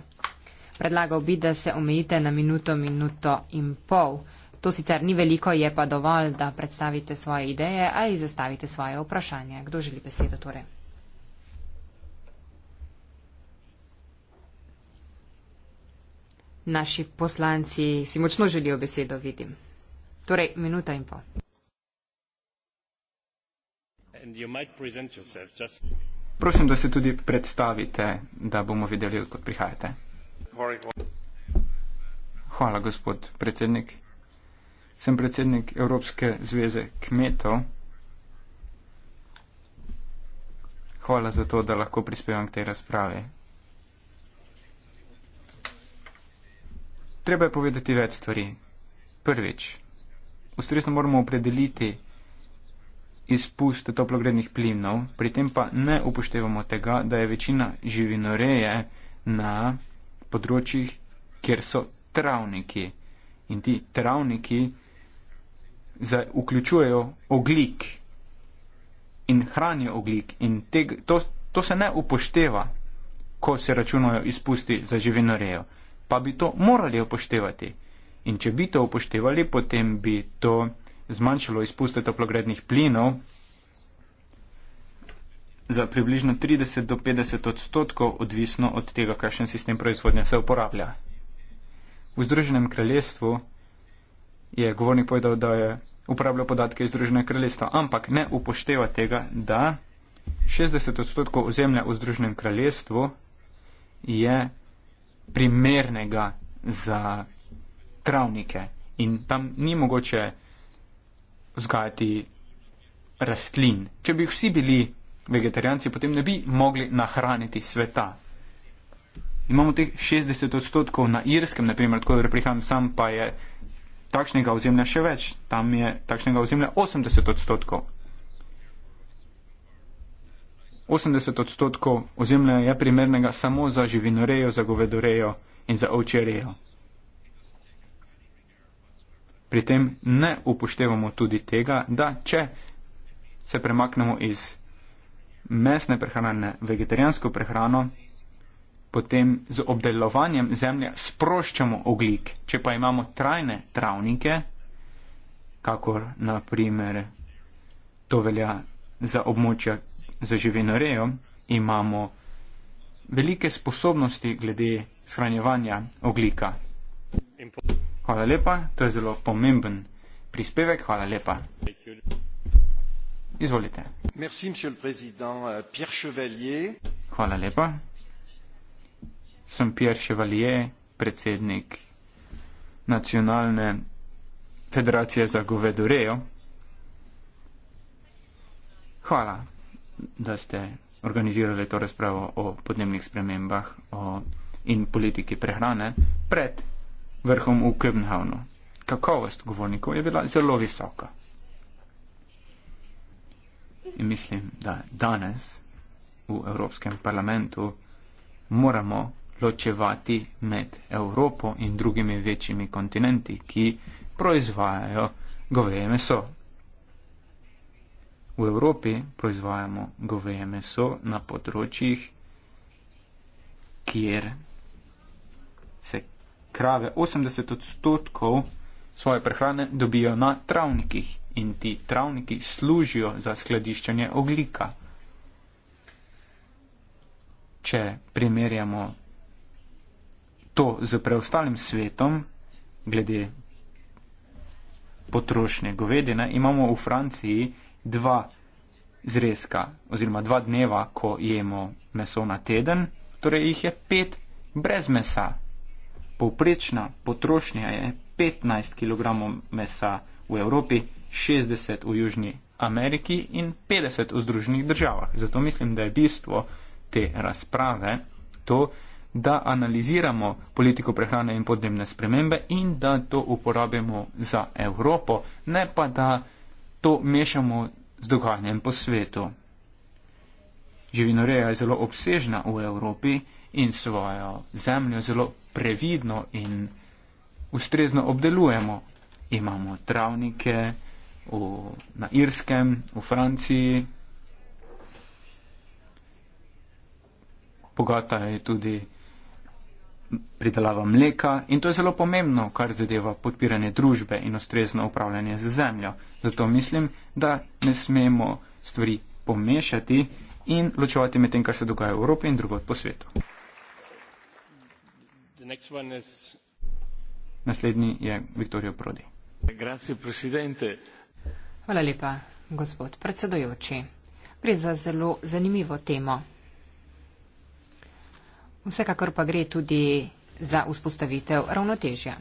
Predlagal bi, da se omejite na minuto, minuto in pol. To sicer ni veliko, je pa dovolj, da predstavite svoje ideje ali zastavite svoje vprašanje. Kdo želi besedo torej? Naši poslanci si močno želijo besedo, vidim. Torej, minuta in pol. Just... Prosim, da se tudi predstavite, da bomo videli, odkot prihajate. Hvala, gospod predsednik. Sem predsednik Evropske zveze kmetov. Hvala za to, da lahko prispevam k tej razpravi. Treba je povedati več stvari. Prvič, ustrezno moramo opredeliti izpust toplogrednih plinov, pri tem pa ne upoštevamo tega, da je večina živinoreje na področjih, kjer so travniki. In ti travniki za, vključujejo oglik in hranijo oglik. In teg, to, to se ne upošteva, ko se računajo izpusti za živinorejo pa bi to morali upoštevati. In če bi to upoštevali, potem bi to zmanjšalo izpuste toplogrednih plinov za približno 30 do 50 odstotkov, odvisno od tega, kakšen sistem proizvodnja se uporablja. V Združenem kraljestvu je govornik povedal, da je uporabljal podatke iz Združenega kraljestva, ampak ne upošteva tega, da 60 odstotkov ozemlja v Združenem kraljestvu je primernega za travnike in tam ni mogoče vzgajati rastlin. Če bi vsi bili vegetarijanci, potem ne bi mogli nahraniti sveta. Imamo teh 60 odstotkov na Irskem, naprimer, tako da prihajam sam, pa je takšnega ozemlja še več. Tam je takšnega ozemlja 80 odstotkov. 80 odstotkov ozemlja je primernega samo za živinorejo, za govedorejo in za ovčerejo. Pri tem ne upoštevamo tudi tega, da če se premaknemo iz mesne prehrane v vegetarijansko prehrano, potem z obdelovanjem zemlje sproščamo oglik. Če pa imamo trajne travnike, kakor naprimer to velja za območja, za živino rejo, imamo velike sposobnosti glede shranjevanja oglika. Hvala lepa, to je zelo pomemben prispevek. Hvala lepa. Izvolite. Merci, euh, Pierre Chevalier. Hvala lepa. Sem Pierre Chevalier, predsednik Nacionalne federacije za govedorejo. Hvala da ste organizirali to razpravo o podnebnih spremembah o, in politiki prehrane pred vrhom v Köbenhavnu. Kakovost govornikov je bila zelo visoka. In mislim, da danes v Evropskem parlamentu moramo ločevati med Evropo in drugimi večjimi kontinenti, ki proizvajajo goveje meso. V Evropi proizvajamo goveje meso na področjih, kjer se krave 80 odstotkov svoje prehrane dobijo na travnikih in ti travniki služijo za skladiščanje oglika. Če primerjamo to z preostalim svetom, glede potrošnje govedine, imamo v Franciji dva zrezka oziroma dva dneva, ko jemo meso na teden, torej jih je pet brez mesa. Povprečna potrošnja je 15 kg mesa v Evropi, 60 v Južni Ameriki in 50 v Združenih državah. Zato mislim, da je bistvo te razprave to, da analiziramo politiko prehrane in podnebne spremembe in da to uporabimo za Evropo, ne pa da to mešamo z dogajanjem po svetu. Živinoreja je zelo obsežna v Evropi in svojo zemljo zelo previdno in ustrezno obdelujemo. Imamo travnike v, na Irskem, v Franciji. Bogata je tudi pridelava mleka in to je zelo pomembno, kar zadeva podpiranje družbe in ustrezno upravljanje z zemljo. Zato mislim, da ne smemo stvari pomešati in ločevati med tem, kar se dogaja v Evropi in drugod po svetu. Naslednji je Viktorijo Prodi. Hvala lepa, gospod predsedojoči. Gre za zelo zanimivo temo. Vsekakor pa gre tudi za vzpostavitev ravnotežja.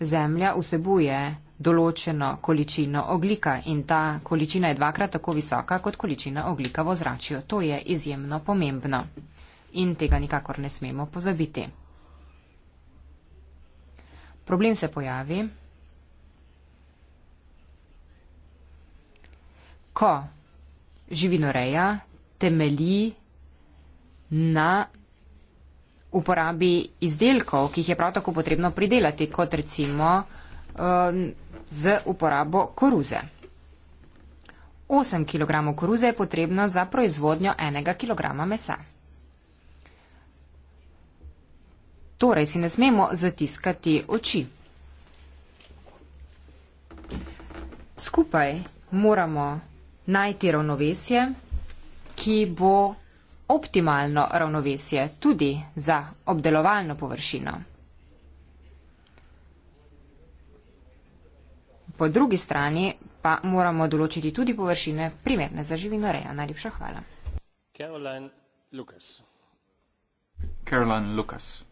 Zemlja vsebuje določeno količino oglika in ta količina je dvakrat tako visoka kot količina oglika v ozračju. To je izjemno pomembno in tega nikakor ne smemo pozabiti. Problem se pojavi, ko živinoreja temelji na uporabi izdelkov, ki jih je prav tako potrebno pridelati, kot recimo um, z uporabo koruze. 8 kg koruze je potrebno za proizvodnjo 1 kg mesa. Torej si ne smemo zatiskati oči. Skupaj moramo najti ravnovesje, ki bo optimalno ravnovesje tudi za obdelovalno površino. Po drugi strani pa moramo določiti tudi površine primerne za živinorejo. Najlepša hvala. Caroline Lucas. Caroline Lucas.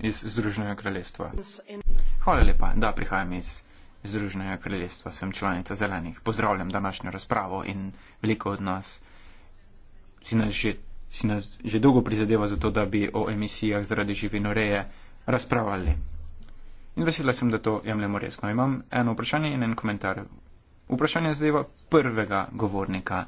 Iz Združenega kraljestva. Hvala lepa, da prihajam iz. Združenega kraljestva. Sem članica zelenih. Pozdravljam današnjo razpravo in veliko od nas si nas že, si nas že dolgo prizadeva za to, da bi o emisijah zaradi živinoreje razpravljali. In vesela sem, da to jemljemo resno. Imam eno vprašanje in en komentar. Vprašanje zadeva prvega govornika.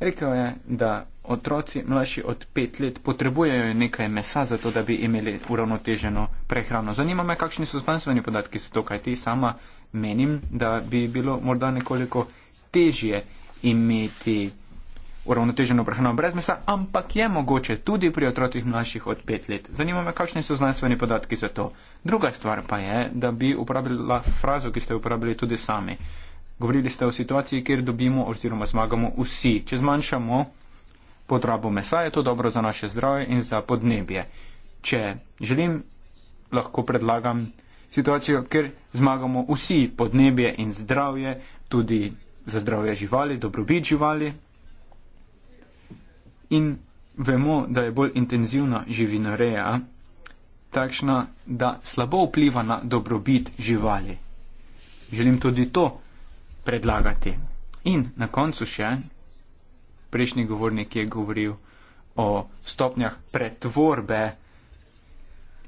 Rekel je, da otroci mlajši od pet let potrebujejo nekaj mesa, zato da bi imeli uravnoteženo prehrano. Zanima me, kakšni so znanstveni podatki za to, kaj ti sama menim, da bi bilo morda nekoliko težje imeti uravnoteženo prehrano brez mesa, ampak je mogoče tudi pri otrocih mlajših od pet let. Zanima me, kakšni so znanstveni podatki za to. Druga stvar pa je, da bi uporabila frazo, ki ste jo uporabili tudi sami. Govorili ste o situaciji, kjer dobimo oziroma zmagamo vsi. Če zmanjšamo potrabo mesa, je to dobro za naše zdravje in za podnebje. Če želim, lahko predlagam, situacijo, ker zmagamo vsi podnebje in zdravje, tudi za zdravje živali, dobrobit živali. In vemo, da je bolj intenzivna živinoreja takšna, da slabo vpliva na dobrobit živali. Želim tudi to predlagati. In na koncu še, prejšnji govornik je govoril o stopnjah pretvorbe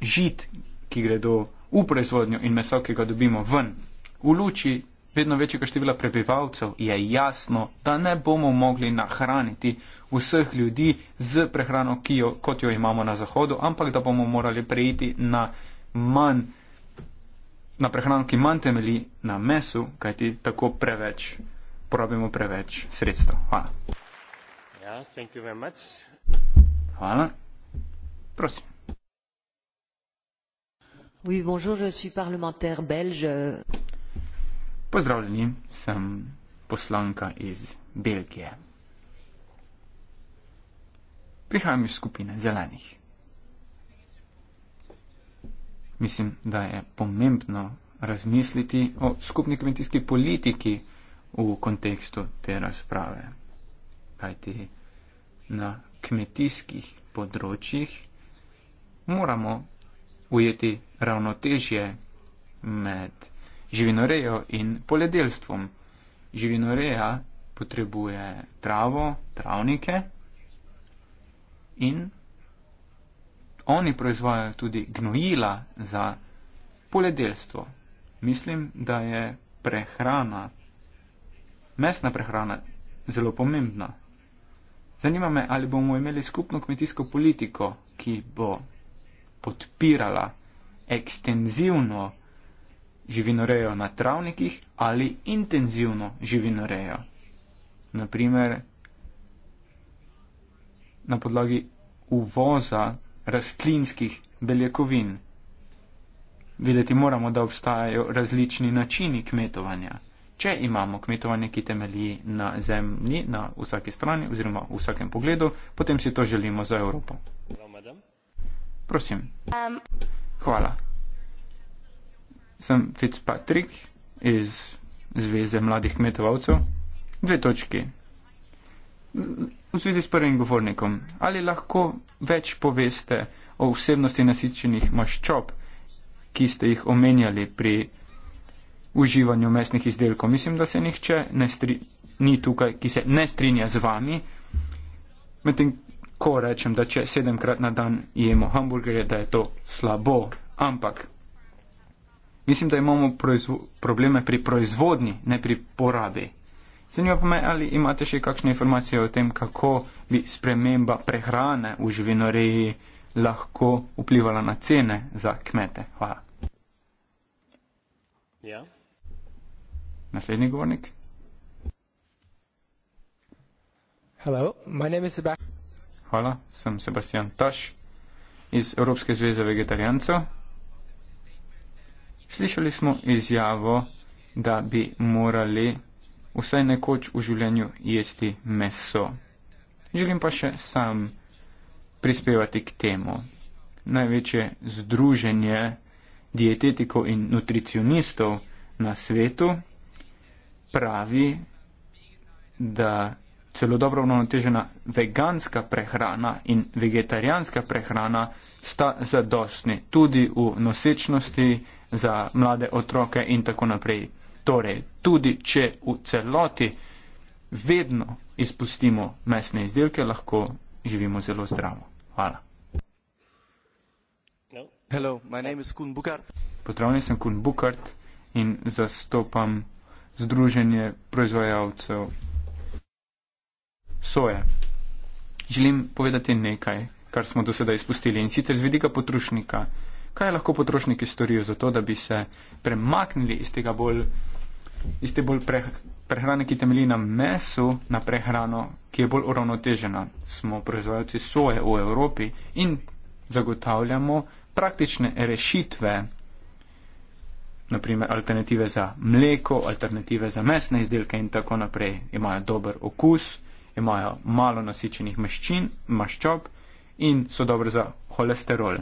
žit, ki gredo v proizvodnjo in meso, ki ga dobimo ven. V luči vedno večjega števila prebivalcev je jasno, da ne bomo mogli nahraniti vseh ljudi z prehrano, jo, kot jo imamo na zahodu, ampak da bomo morali prejiti na manj. Na prehrano, ki manj temelji na mesu, kajti tako preveč porabimo preveč sredstev. Hvala. Ja, yeah, Hvala. Prosim. Oui, bonjour, je suis parlementaire belge. Pozdravljeni, sem poslanka iz Belgije. Prihajam iz skupine zelenih. Mislim, da je pomembno razmisliti o skupni kmetijski politiki v kontekstu te razprave. Kajti na kmetijskih področjih moramo ujeti ravnotežje med živinorejo in poljedelstvom. Živinoreja potrebuje travo, travnike in oni proizvajajo tudi gnojila za poljedelstvo. Mislim, da je prehrana, mesna prehrana, zelo pomembna. Zanima me, ali bomo imeli skupno kmetijsko politiko, ki bo podpirala ekstenzivno živinorejo na travnikih ali intenzivno živinorejo. Naprimer, na podlagi uvoza rastlinskih beljakovin. Videti moramo, da obstajajo različni načini kmetovanja. Če imamo kmetovanje, ki temelji na zemlji, na vsaki strani oziroma v vsakem pogledu, potem si to želimo za Evropo. Prosim. Um, Hvala. Sem Fitzpatrick iz Zveze mladih kmetovalcev. Dve točki. V zvezi s prvim govornikom, ali lahko več poveste o vsebnosti nasičenih maščob, ki ste jih omenjali pri uživanju mesnih izdelkov? Mislim, da se nihče ne stri, ni tukaj, ki se ne strinja z vami. Medtem ko rečem, da če sedemkrat na dan jemo hamburgerje, da je to slabo. Ampak mislim, da imamo probleme pri proizvodnji, ne pri porabi. Zanima pa me, ali imate še kakšne informacije o tem, kako bi sprememba prehrane v živinoreji lahko vplivala na cene za kmete. Hvala. Ja. Naslednji govornik. Hello, my name is Sebastian. Hvala, sem Sebastian Taš iz Evropske zveze vegetarijancev. Slišali smo izjavo, da bi morali vsaj nekoč v življenju jesti meso. Želim pa še sam prispevati k temu. Največje združenje dietetikov in nutricionistov na svetu pravi, da celo dobro uravnotežena veganska prehrana in vegetarijanska prehrana sta zadostni tudi v nosečnosti za mlade otroke in tako naprej. Torej, tudi če v celoti vedno izpustimo mesne izdelke, lahko živimo zelo zdravo. Hvala. No. Hello, my name is Kun Bukart. Pozdravljen sem Kun Bukart in zastopam Združenje proizvajalcev soje. Želim povedati nekaj, kar smo do sedaj izpustili in sicer z vidika potrošnika. Kaj lahko potrošniki storijo za to, da bi se premaknili iz tega bolj, iz te bolj preh, prehrane, ki temelji na mesu, na prehrano, ki je bolj uravnotežena? Smo proizvajalci soje v Evropi in zagotavljamo praktične rešitve, naprimer alternative za mleko, alternative za mesne izdelke in tako naprej. Imajo dober okus imajo malo nasičenih maščin, maščob in so dobre za holesterol.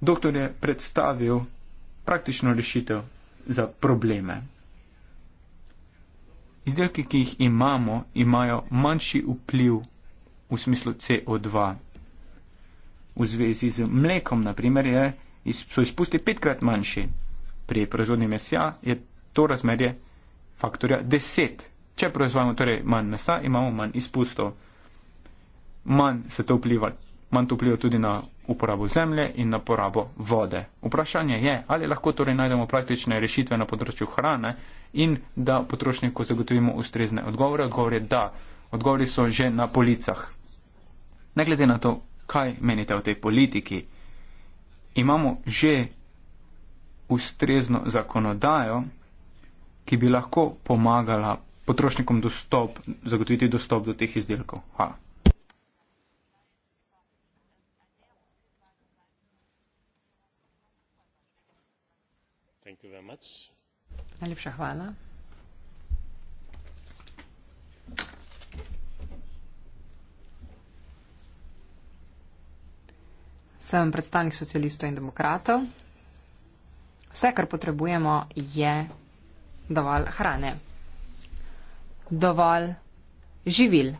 Doktor je predstavil praktično rešitev za probleme. Izdelki, ki jih imamo, imajo manjši vpliv v smislu CO2. V zvezi z mlekom, naprimer, je, so izpusti petkrat manjši. Pri proizvodnji mesja je to razmerje faktorja 10. Če proizvajamo torej manj mesa, imamo manj izpustov. Manj se to vpliva, manj to vpliva tudi na uporabo zemlje in na porabo vode. Vprašanje je, ali lahko torej najdemo praktične rešitve na področju hrane in da potrošniku zagotovimo ustrezne odgovore. Odgovor je da. Odgovori so že na policah. Ne glede na to, kaj menite o tej politiki, imamo že ustrezno zakonodajo, ki bi lahko pomagala potrošnikom dostop, zagotoviti dostop do teh izdelkov. Hvala. Najlepša hvala. Sem predstavnik socialistov in demokratov. Vse, kar potrebujemo, je dovolj hrane dovolj živil.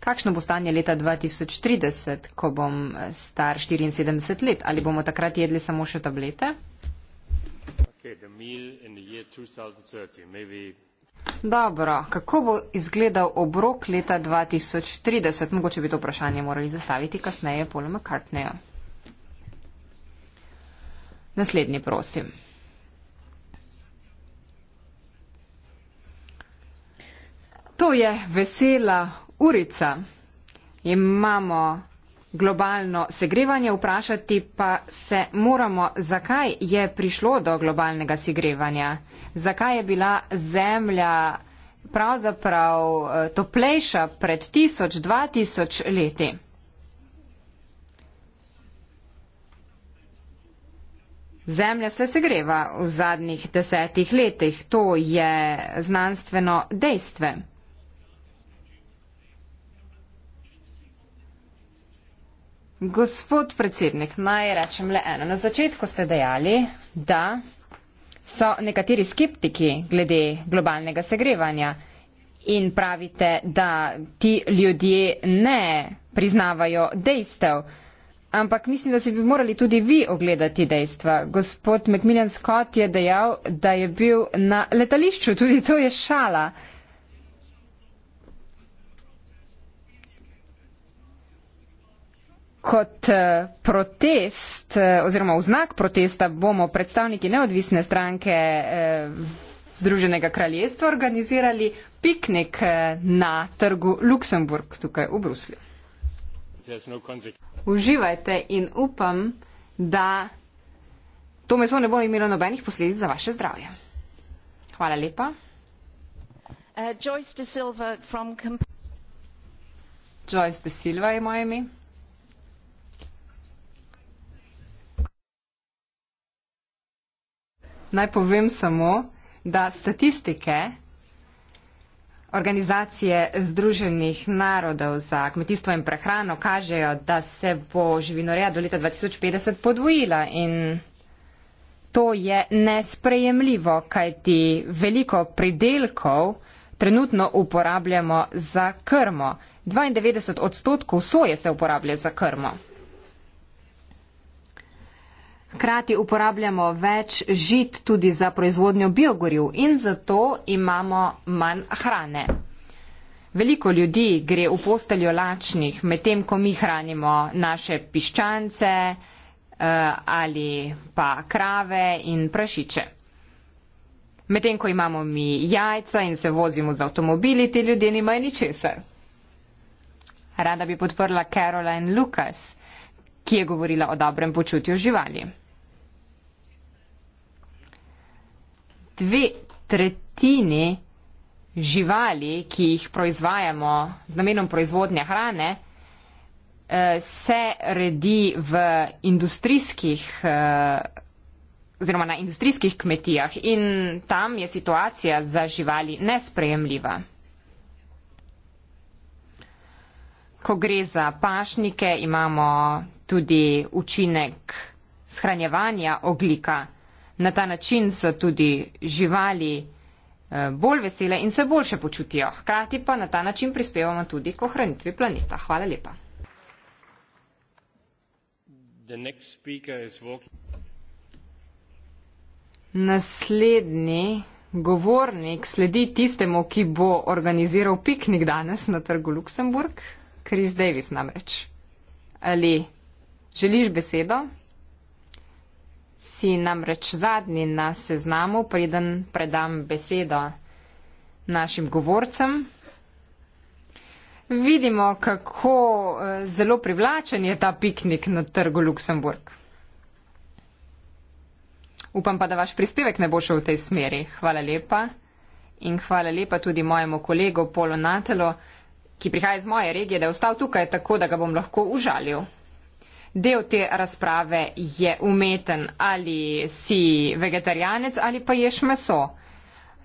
Kakšno bo stanje leta 2030, ko bom star 74 let? Ali bomo takrat jedli samo še tablete? Okay, Dobro, kako bo izgledal obrok leta 2030? Mogoče bi to vprašanje morali zastaviti kasneje Paulu McCartneyju. Naslednji, prosim. To je vesela urica. Imamo globalno segrevanje, vprašati pa se moramo, zakaj je prišlo do globalnega segrevanja, zakaj je bila Zemlja pravzaprav eh, toplejša pred tisoč, dva tisoč leti. Zemlja se segreva v zadnjih desetih letih, to je znanstveno dejstvo. Gospod predsednik, naj rečem le eno. Na začetku ste dejali, da so nekateri skeptiki glede globalnega segrevanja in pravite, da ti ljudje ne priznavajo dejstev. Ampak mislim, da si bi morali tudi vi ogledati dejstva. Gospod McMillan Scott je dejal, da je bil na letališču, tudi to je šala. Kot eh, protest eh, oziroma v znak protesta bomo predstavniki neodvisne stranke eh, Združenega kraljestva organizirali piknik na trgu Luksemburg tukaj v Bruslju. No Uživajte in upam, da to meso ne bo imelo nobenih posledic za vaše zdravje. Hvala lepa. Uh, Joyce, De Joyce De Silva je moje ime. naj povem samo, da statistike organizacije Združenih narodov za kmetijstvo in prehrano kažejo, da se bo živinoreja do leta 2050 podvojila in to je nesprejemljivo, kajti veliko pridelkov trenutno uporabljamo za krmo. 92 odstotkov soje se uporablja za krmo. Hkrati uporabljamo več žit tudi za proizvodnjo biogoriv in zato imamo manj hrane. Veliko ljudi gre v posteljo lačnih, medtem ko mi hranimo naše piščance eh, ali pa krave in prašiče. Medtem ko imamo mi jajca in se vozimo z avtomobili, ti ljudje nimajo ničesar. Rada bi podprla Caroline Lucas, ki je govorila o dobrem počutju živali. dve tretjini živali, ki jih proizvajamo z namenom proizvodnje hrane, eh, se redi v industrijskih eh, oziroma na industrijskih kmetijah in tam je situacija za živali nesprejemljiva. Ko gre za pašnike, imamo tudi učinek shranjevanja oglika. Na ta način so tudi živali eh, bolj vesele in se boljše počutijo. Hkrati pa na ta način prispevamo tudi k ohranitvi planeta. Hvala lepa. Naslednji govornik sledi tistemu, ki bo organiziral piknik danes na trgu Luksemburg, Chris Davis namreč. Ali želiš besedo? si namreč zadnji na seznamu, preden predam besedo našim govorcem. Vidimo, kako eh, zelo privlačen je ta piknik na trgu Luksemburg. Upam pa, da vaš prispevek ne bo šel v tej smeri. Hvala lepa. In hvala lepa tudi mojemu kolegu Polo Natelo, ki prihaja iz moje regije, da je ostal tukaj tako, da ga bom lahko užalil. Del te razprave je umeten, ali si vegetarijanec ali pa ješ meso.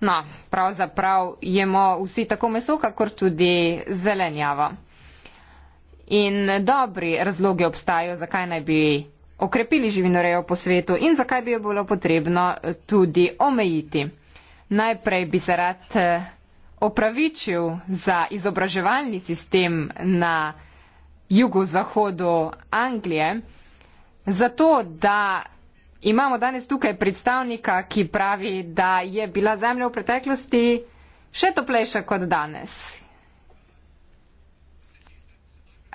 No, pravzaprav jemo vsi tako meso, kakor tudi zelenjava. In dobri razlogi obstajajo, zakaj naj bi okrepili živinorejo po svetu in zakaj bi jo bilo potrebno tudi omejiti. Najprej bi se rad eh, opravičil za izobraževalni sistem na jugozahodu Anglije. Zato, da imamo danes tukaj predstavnika, ki pravi, da je bila zemlja v preteklosti še toplejša kot danes.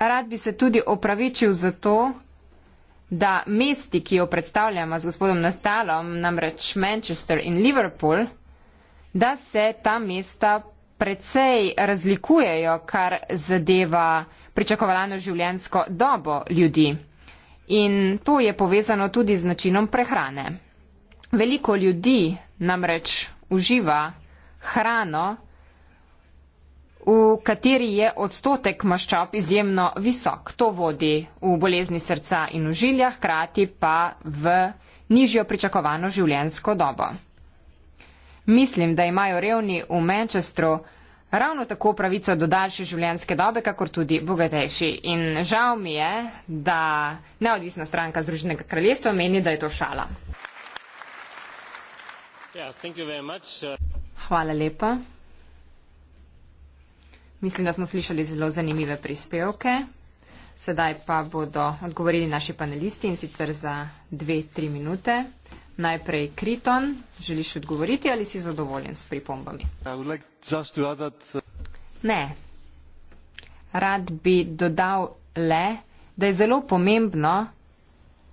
Rad bi se tudi opravičil za to, da mesti, ki jo predstavljamo z gospodom Nastalom, namreč Manchester in Liverpool, da se ta mesta precej razlikujejo, kar zadeva pričakovano življensko dobo ljudi. In to je povezano tudi z načinom prehrane. Veliko ljudi namreč uživa hrano, v kateri je odstotek maščob izjemno visok. To vodi v bolezni srca in v žiljah, hkrati pa v nižjo pričakovano življensko dobo. Mislim, da imajo revni v Manchesteru ravno tako pravico do daljše življenjske dobe, kakor tudi bogatejši. In žal mi je, da neodvisna stranka Združenega kraljestva meni, da je to šala. Yeah, Hvala lepa. Mislim, da smo slišali zelo zanimive prispevke. Sedaj pa bodo odgovorili naši panelisti in sicer za dve, tri minute. Najprej Kriton, želiš odgovoriti ali si zadovoljen s pripombami? Uh, ne. Rad bi dodal le, da je zelo pomembno,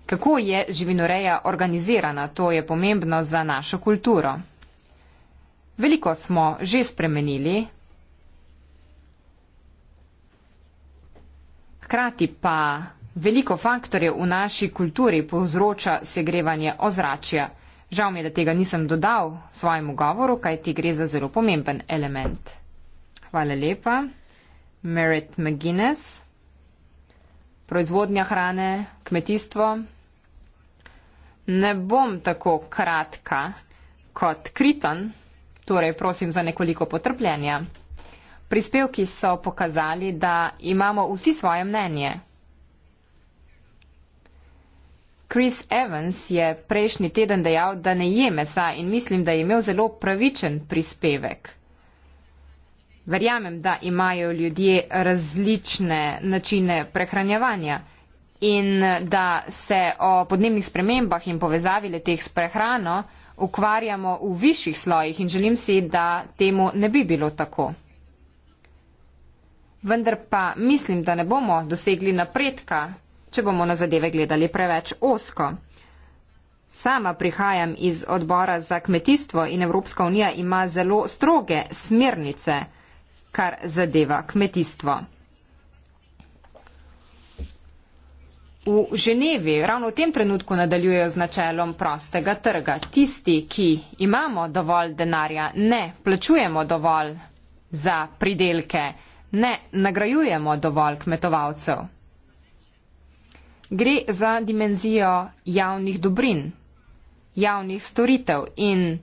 kako je živinoreja organizirana. To je pomembno za našo kulturo. Veliko smo že spremenili. Hkrati pa Veliko faktorjev v naši kulturi povzroča segrevanje ozračja. Žal mi je, da tega nisem dodal svojemu govoru, kaj ti gre za zelo pomemben element. Hvala lepa. Merit McGuinness. Proizvodnja hrane, kmetijstvo. Ne bom tako kratka kot Kriton, torej prosim za nekoliko potrpljenja. Prispevki so pokazali, da imamo vsi svoje mnenje, Chris Evans je prejšnji teden dejal, da ne je mesa in mislim, da je imel zelo pravičen prispevek. Verjamem, da imajo ljudje različne načine prehranjevanja in da se o podnebnih spremembah in povezavi leteh s prehrano ukvarjamo v višjih slojih in želim si, da temu ne bi bilo tako. Vendar pa mislim, da ne bomo dosegli napredka, če bomo na zadeve gledali preveč osko. Sama prihajam iz odbora za kmetijstvo in Evropska unija ima zelo stroge smernice, kar zadeva kmetijstvo. V Ženevi ravno v tem trenutku nadaljujejo z načelom prostega trga. Tisti, ki imamo dovolj denarja, ne plačujemo dovolj za pridelke, ne nagrajujemo dovolj kmetovalcev gre za dimenzijo javnih dobrin, javnih storitev in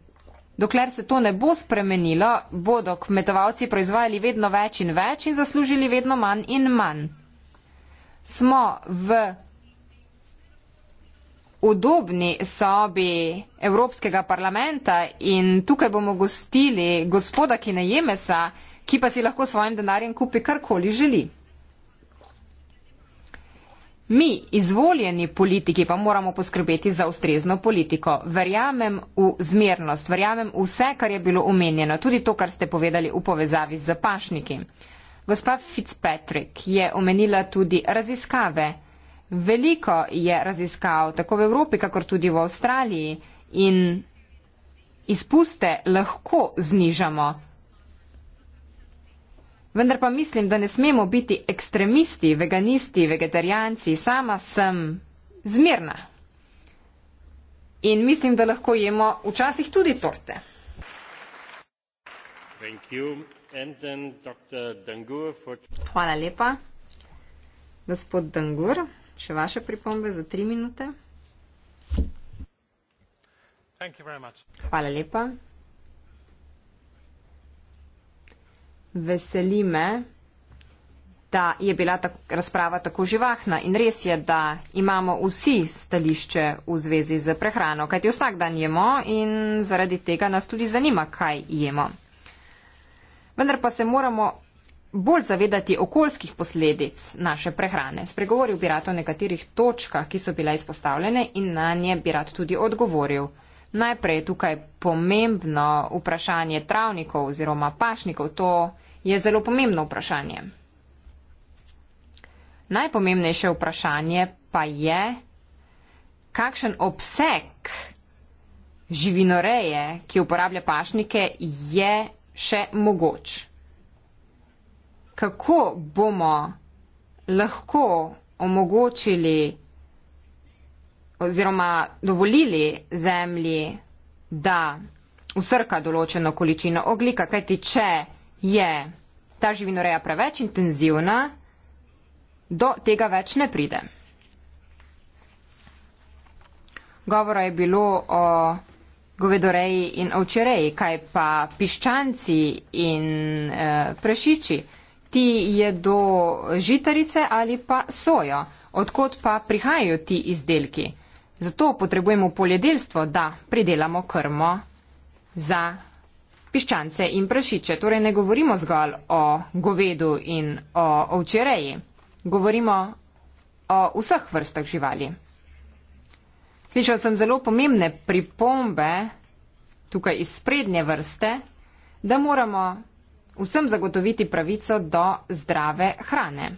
dokler se to ne bo spremenilo, bodo kmetovalci proizvajali vedno več in več in zaslužili vedno manj in manj. Smo v udobni sobi Evropskega parlamenta in tukaj bomo gostili gospoda, ki ne jeme sa, ki pa si lahko s svojim denarjem kupi karkoli želi. Mi, izvoljeni politiki, pa moramo poskrbeti za ustrezno politiko. Verjamem v zmernost, verjamem v vse, kar je bilo omenjeno, tudi to, kar ste povedali v povezavi z zapašniki. Gospa Fitzpatrick je omenila tudi raziskave. Veliko je raziskav, tako v Evropi, kakor tudi v Avstraliji, in izpuste lahko znižamo. Vendar pa mislim, da ne smemo biti ekstremisti, veganisti, vegetarijanci, sama sem zmirna. In mislim, da lahko jemo včasih tudi torte. Hvala lepa. Gospod Dangur, še vaše pripombe za tri minute. Hvala lepa. veseli me, da je bila ta razprava tako živahna in res je, da imamo vsi stališče v zvezi z prehrano, kajti vsak dan jemo in zaradi tega nas tudi zanima, kaj jemo. Vendar pa se moramo bolj zavedati okoljskih posledic naše prehrane. Spregovoril bi rad o nekaterih točkah, ki so bile izpostavljene in na nje bi rad tudi odgovoril. Najprej je tukaj pomembno vprašanje travnikov oziroma pašnikov. To je zelo pomembno vprašanje. Najpomembnejše vprašanje pa je, kakšen obseg živinoreje, ki uporablja pašnike, je še mogoč. Kako bomo lahko omogočili oziroma dovolili zemlji, da usrka določeno količino oglika, kajti če je ta živinoreja preveč intenzivna, do tega več ne pride. Govora je bilo o govedoreji in ovčereji, kaj pa piščanci in e, prašiči. Ti jedo žitarice ali pa sojo, odkot pa prihajajo ti izdelki. Zato potrebujemo poljedelstvo, da pridelamo krmo za piščance in prašiče. Torej ne govorimo zgolj o govedu in o ovčereji, govorimo o vseh vrstah živali. Slišal sem zelo pomembne pripombe tukaj iz sprednje vrste, da moramo vsem zagotoviti pravico do zdrave hrane.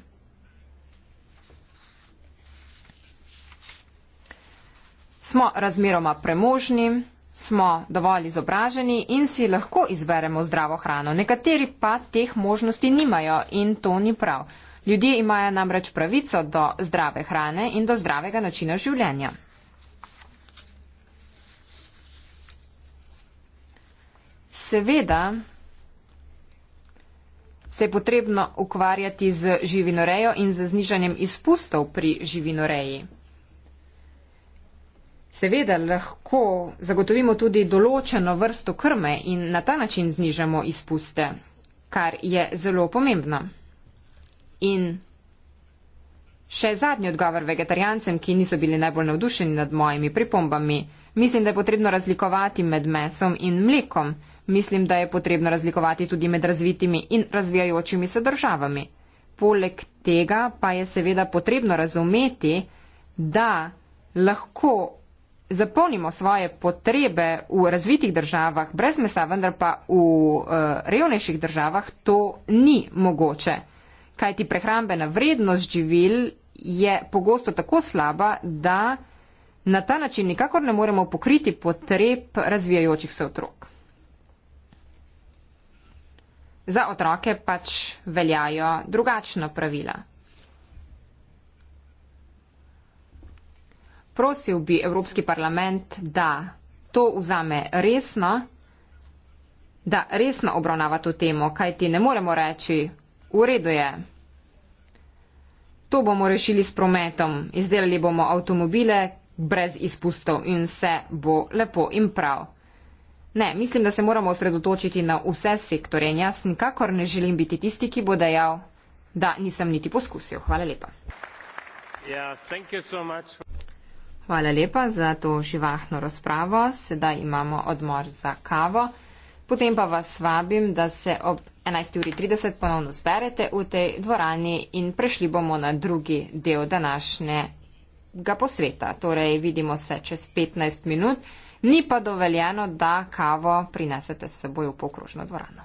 Smo razmeroma premožni smo dovolj izobraženi in si lahko izberemo zdravo hrano. Nekateri pa teh možnosti nimajo in to ni prav. Ljudje imajo namreč pravico do zdrave hrane in do zdravega načina življenja. Seveda se je potrebno ukvarjati z živinorejo in z znižanjem izpustov pri živinoreji. Seveda lahko zagotovimo tudi določeno vrsto krme in na ta način znižamo izpuste, kar je zelo pomembno. In še zadnji odgovor vegetarijancem, ki niso bili najbolj navdušeni nad mojimi pripombami. Mislim, da je potrebno razlikovati med mesom in mlekom. Mislim, da je potrebno razlikovati tudi med razvitimi in razvijajočimi se državami. Poleg tega pa je seveda potrebno razumeti, da lahko zapolnimo svoje potrebe v razvitih državah brez mesa, vendar pa v uh, revnejših državah to ni mogoče. Kaj ti prehrambena vrednost živil je pogosto tako slaba, da na ta način nikakor ne moremo pokriti potreb razvijajočih se otrok. Za otroke pač veljajo drugačna pravila. prosil bi Evropski parlament, da to vzame resno, da resno obravnava to temo, kaj ti ne moremo reči, v redu je. To bomo rešili s prometom, izdelali bomo avtomobile brez izpustov in vse bo lepo in prav. Ne, mislim, da se moramo osredotočiti na vse sektore in jaz nikakor ne želim biti tisti, ki bo dejal, da nisem niti poskusil. Hvala lepa. Ja, yeah, Hvala lepa za to živahno razpravo. Sedaj imamo odmor za kavo. Potem pa vas vabim, da se ob 11.30 ponovno zberete v tej dvorani in prešli bomo na drugi del današnjega posveta. Torej, vidimo se čez 15 minut. Ni pa dovoljeno, da kavo prinesete s seboj v pokrožno dvorano.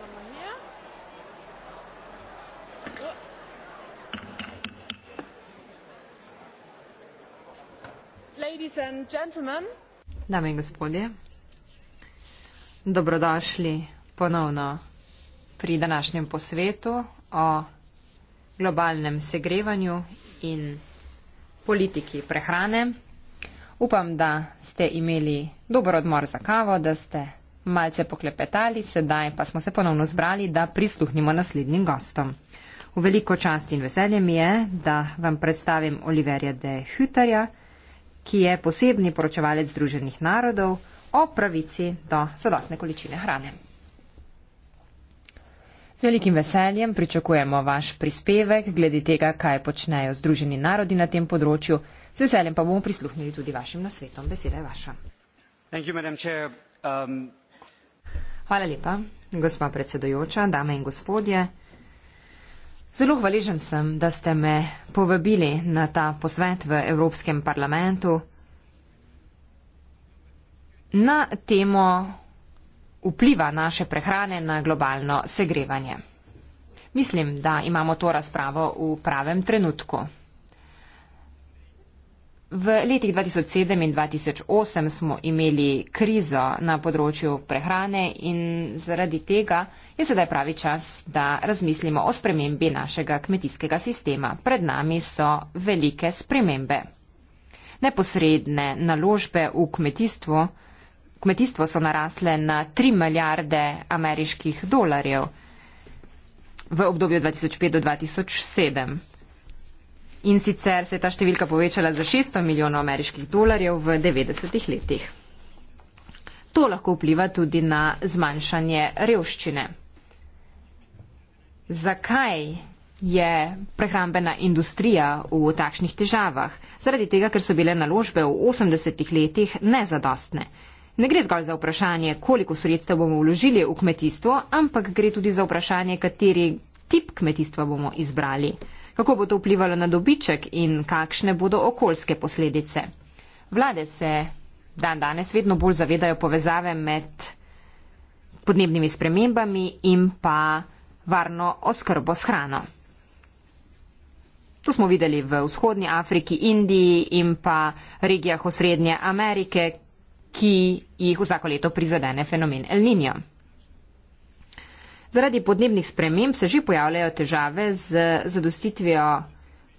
nochmal hier. So. Ladies and gentlemen. Dame in gospodje, dobrodošli ponovno pri današnjem posvetu o globalnem segrevanju in politiki prehrane. Upam, da ste imeli dober odmor za kavo, da ste malce poklepetali, sedaj pa smo se ponovno zbrali, da prisluhnimo naslednjim gostom. V veliko čast in veselje mi je, da vam predstavim Oliverja de Hütarja, ki je posebni poročevalec Združenih narodov o pravici do zadostne količine hrane. Velikim veseljem pričakujemo vaš prispevek glede tega, kaj počnejo Združeni narodi na tem področju. Z veseljem pa bomo prisluhnili tudi vašim nasvetom. Beseda je vaša. Thank you, madam chair. Um, Hvala lepa, gospa predsedujoča, dame in gospodje. Zelo hvaležen sem, da ste me povabili na ta posvet v Evropskem parlamentu na temo vpliva naše prehrane na globalno segrevanje. Mislim, da imamo to razpravo v pravem trenutku. V letih 2007 in 2008 smo imeli krizo na področju prehrane in zaradi tega je sedaj pravi čas, da razmislimo o spremembi našega kmetijskega sistema. Pred nami so velike spremembe. Neposredne naložbe v kmetijstvo, kmetijstvo so narasle na 3 milijarde ameriških dolarjev v obdobju 2005 do 2007 in sicer se je ta številka povečala za 600 milijonov ameriških dolarjev v 90-ih letih. To lahko vpliva tudi na zmanjšanje revščine. Zakaj je prehrambena industrija v takšnih težavah? Zaradi tega, ker so bile naložbe v 80-ih letih nezadostne. Ne gre zgolj za vprašanje, koliko sredstev bomo vložili v kmetijstvo, ampak gre tudi za vprašanje, kateri tip kmetijstva bomo izbrali kako bo to vplivalo na dobiček in kakšne bodo okoljske posledice. Vlade se dan danes vedno bolj zavedajo povezave med podnebnimi spremembami in pa varno oskrbo s hrano. To smo videli v vzhodnji Afriki, Indiji in pa regijah osrednje Amerike, ki jih vsako leto prizadene fenomen El Niño. Zaradi podnebnih sprememb se že pojavljajo težave z zadostitvijo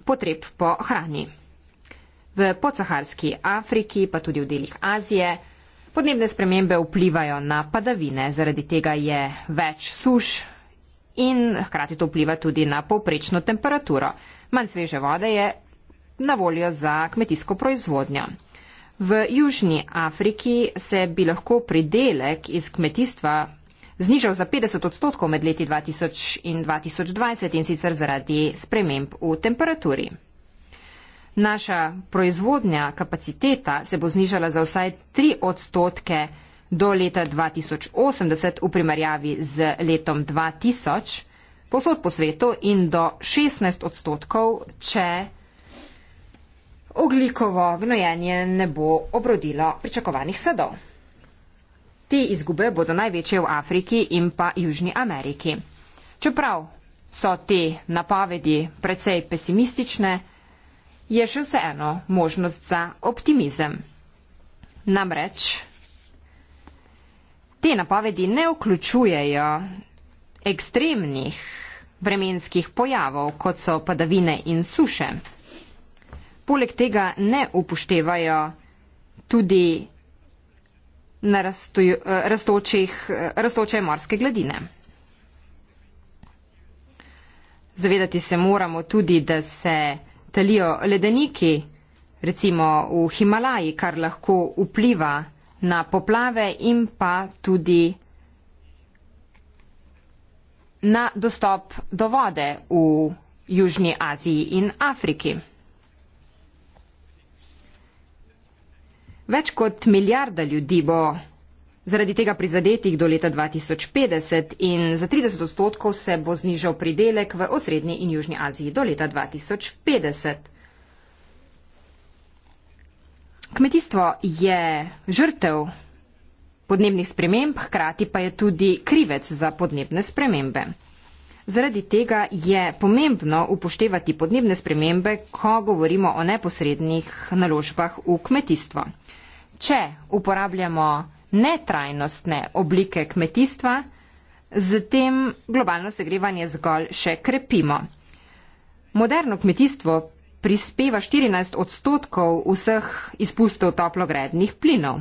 potreb po hrani. V podsaharski Afriki, pa tudi v delih Azije, podnebne spremembe vplivajo na padavine, zaradi tega je več suš in hkrati to vpliva tudi na povprečno temperaturo. Manj sveže vode je na voljo za kmetijsko proizvodnjo. V Južni Afriki se bi lahko pridelek iz kmetijstva znižal za 50 odstotkov med leti 2000 in 2020 in sicer zaradi sprememb v temperaturi. Naša proizvodnja kapaciteta se bo znižala za vsaj 3 odstotke do leta 2080 v primerjavi z letom 2000 posod po svetu in do 16 odstotkov, če oglikovo gnojenje ne bo obrodilo pričakovanih sadov. Te izgube bodo največje v Afriki in pa Južni Ameriki. Čeprav so te napovedi precej pesimistične, je še vseeno možnost za optimizem. Namreč te napovedi ne vključujejo ekstremnih vremenskih pojavov, kot so padavine in suše. Poleg tega ne upoštevajo tudi na rastočih, rastoče morske gladine. Zavedati se moramo tudi, da se talijo ledeniki, recimo v Himalaji, kar lahko vpliva na poplave in pa tudi na dostop do vode v Južni Aziji in Afriki. Več kot milijarda ljudi bo zaradi tega prizadetih do leta 2050 in za 30 odstotkov se bo znižal pridelek v osrednji in južni Aziji do leta 2050. Kmetijstvo je žrtev podnebnih sprememb, hkrati pa je tudi krivec za podnebne spremembe. Zaradi tega je pomembno upoštevati podnebne spremembe, ko govorimo o neposrednih naložbah v kmetijstvo če uporabljamo netrajnostne oblike kmetijstva, z tem globalno segrevanje zgolj še krepimo. Moderno kmetijstvo prispeva 14 odstotkov vseh izpustov toplogrednih plinov.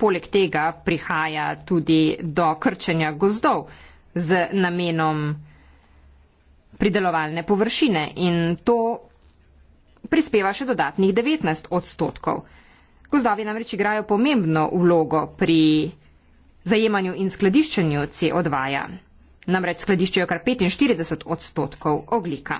Poleg tega prihaja tudi do krčenja gozdov z namenom pridelovalne površine in to prispeva še dodatnih 19 odstotkov. Gozdovi namreč igrajo pomembno vlogo pri zajemanju in skladiščenju CO2. -ja. Namreč skladiščijo kar 45 odstotkov oglika.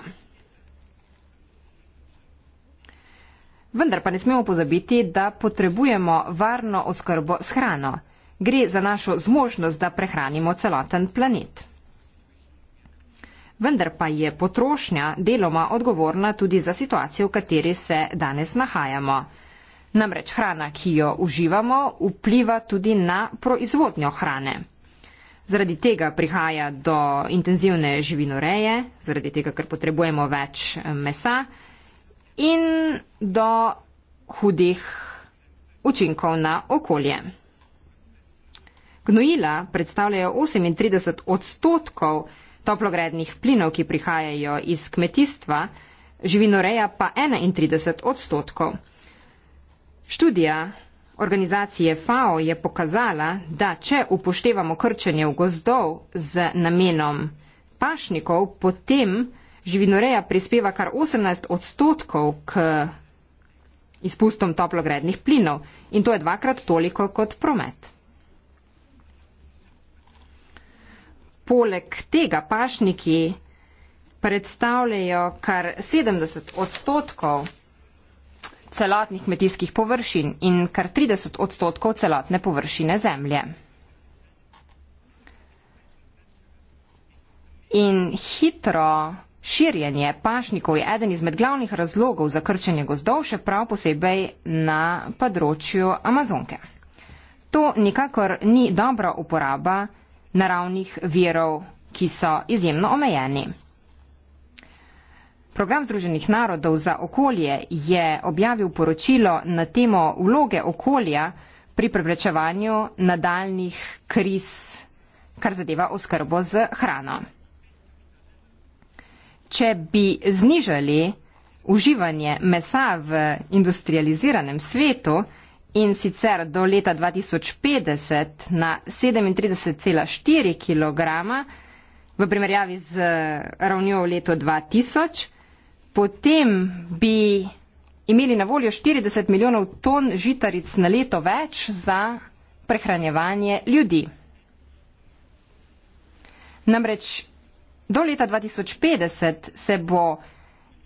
Vendar pa ne smemo pozabiti, da potrebujemo varno oskrbo s hrano. Gre za našo zmožnost, da prehranimo celoten planet. Vendar pa je potrošnja deloma odgovorna tudi za situacijo, v kateri se danes nahajamo. Namreč hrana, ki jo uživamo, vpliva tudi na proizvodnjo hrane. Zaradi tega prihaja do intenzivne živinoreje, zaradi tega, ker potrebujemo več eh, mesa in do hudih učinkov na okolje. Gnojila predstavljajo 38 odstotkov toplogrednih plinov, ki prihajajo iz kmetijstva, živinoreja pa 31 odstotkov. Študija organizacije FAO je pokazala, da če upoštevamo krčenje v gozdov z namenom pašnikov, potem živinoreja prispeva kar 18 odstotkov k izpustom toplogrednih plinov in to je dvakrat toliko kot promet. Poleg tega pašniki predstavljajo kar 70 odstotkov celotnih kmetijskih površin in kar 30 odstotkov celotne površine zemlje. In hitro širjenje pašnikov je eden izmed glavnih razlogov za krčenje gozdov, še prav posebej na področju Amazonke. To nikakor ni dobra uporaba naravnih virov, ki so izjemno omejeni. Program Združenih narodov za okolje je objavil poročilo na temo vloge okolja pri preprečevanju nadaljnih kriz, kar zadeva oskrbo z hrano. Če bi znižali uživanje mesa v industrializiranem svetu in sicer do leta 2050 na 37,4 kg v primerjavi z ravnjo v letu 2000, potem bi imeli na voljo 40 milijonov ton žitaric na leto več za prehranjevanje ljudi. Namreč do leta 2050 se bo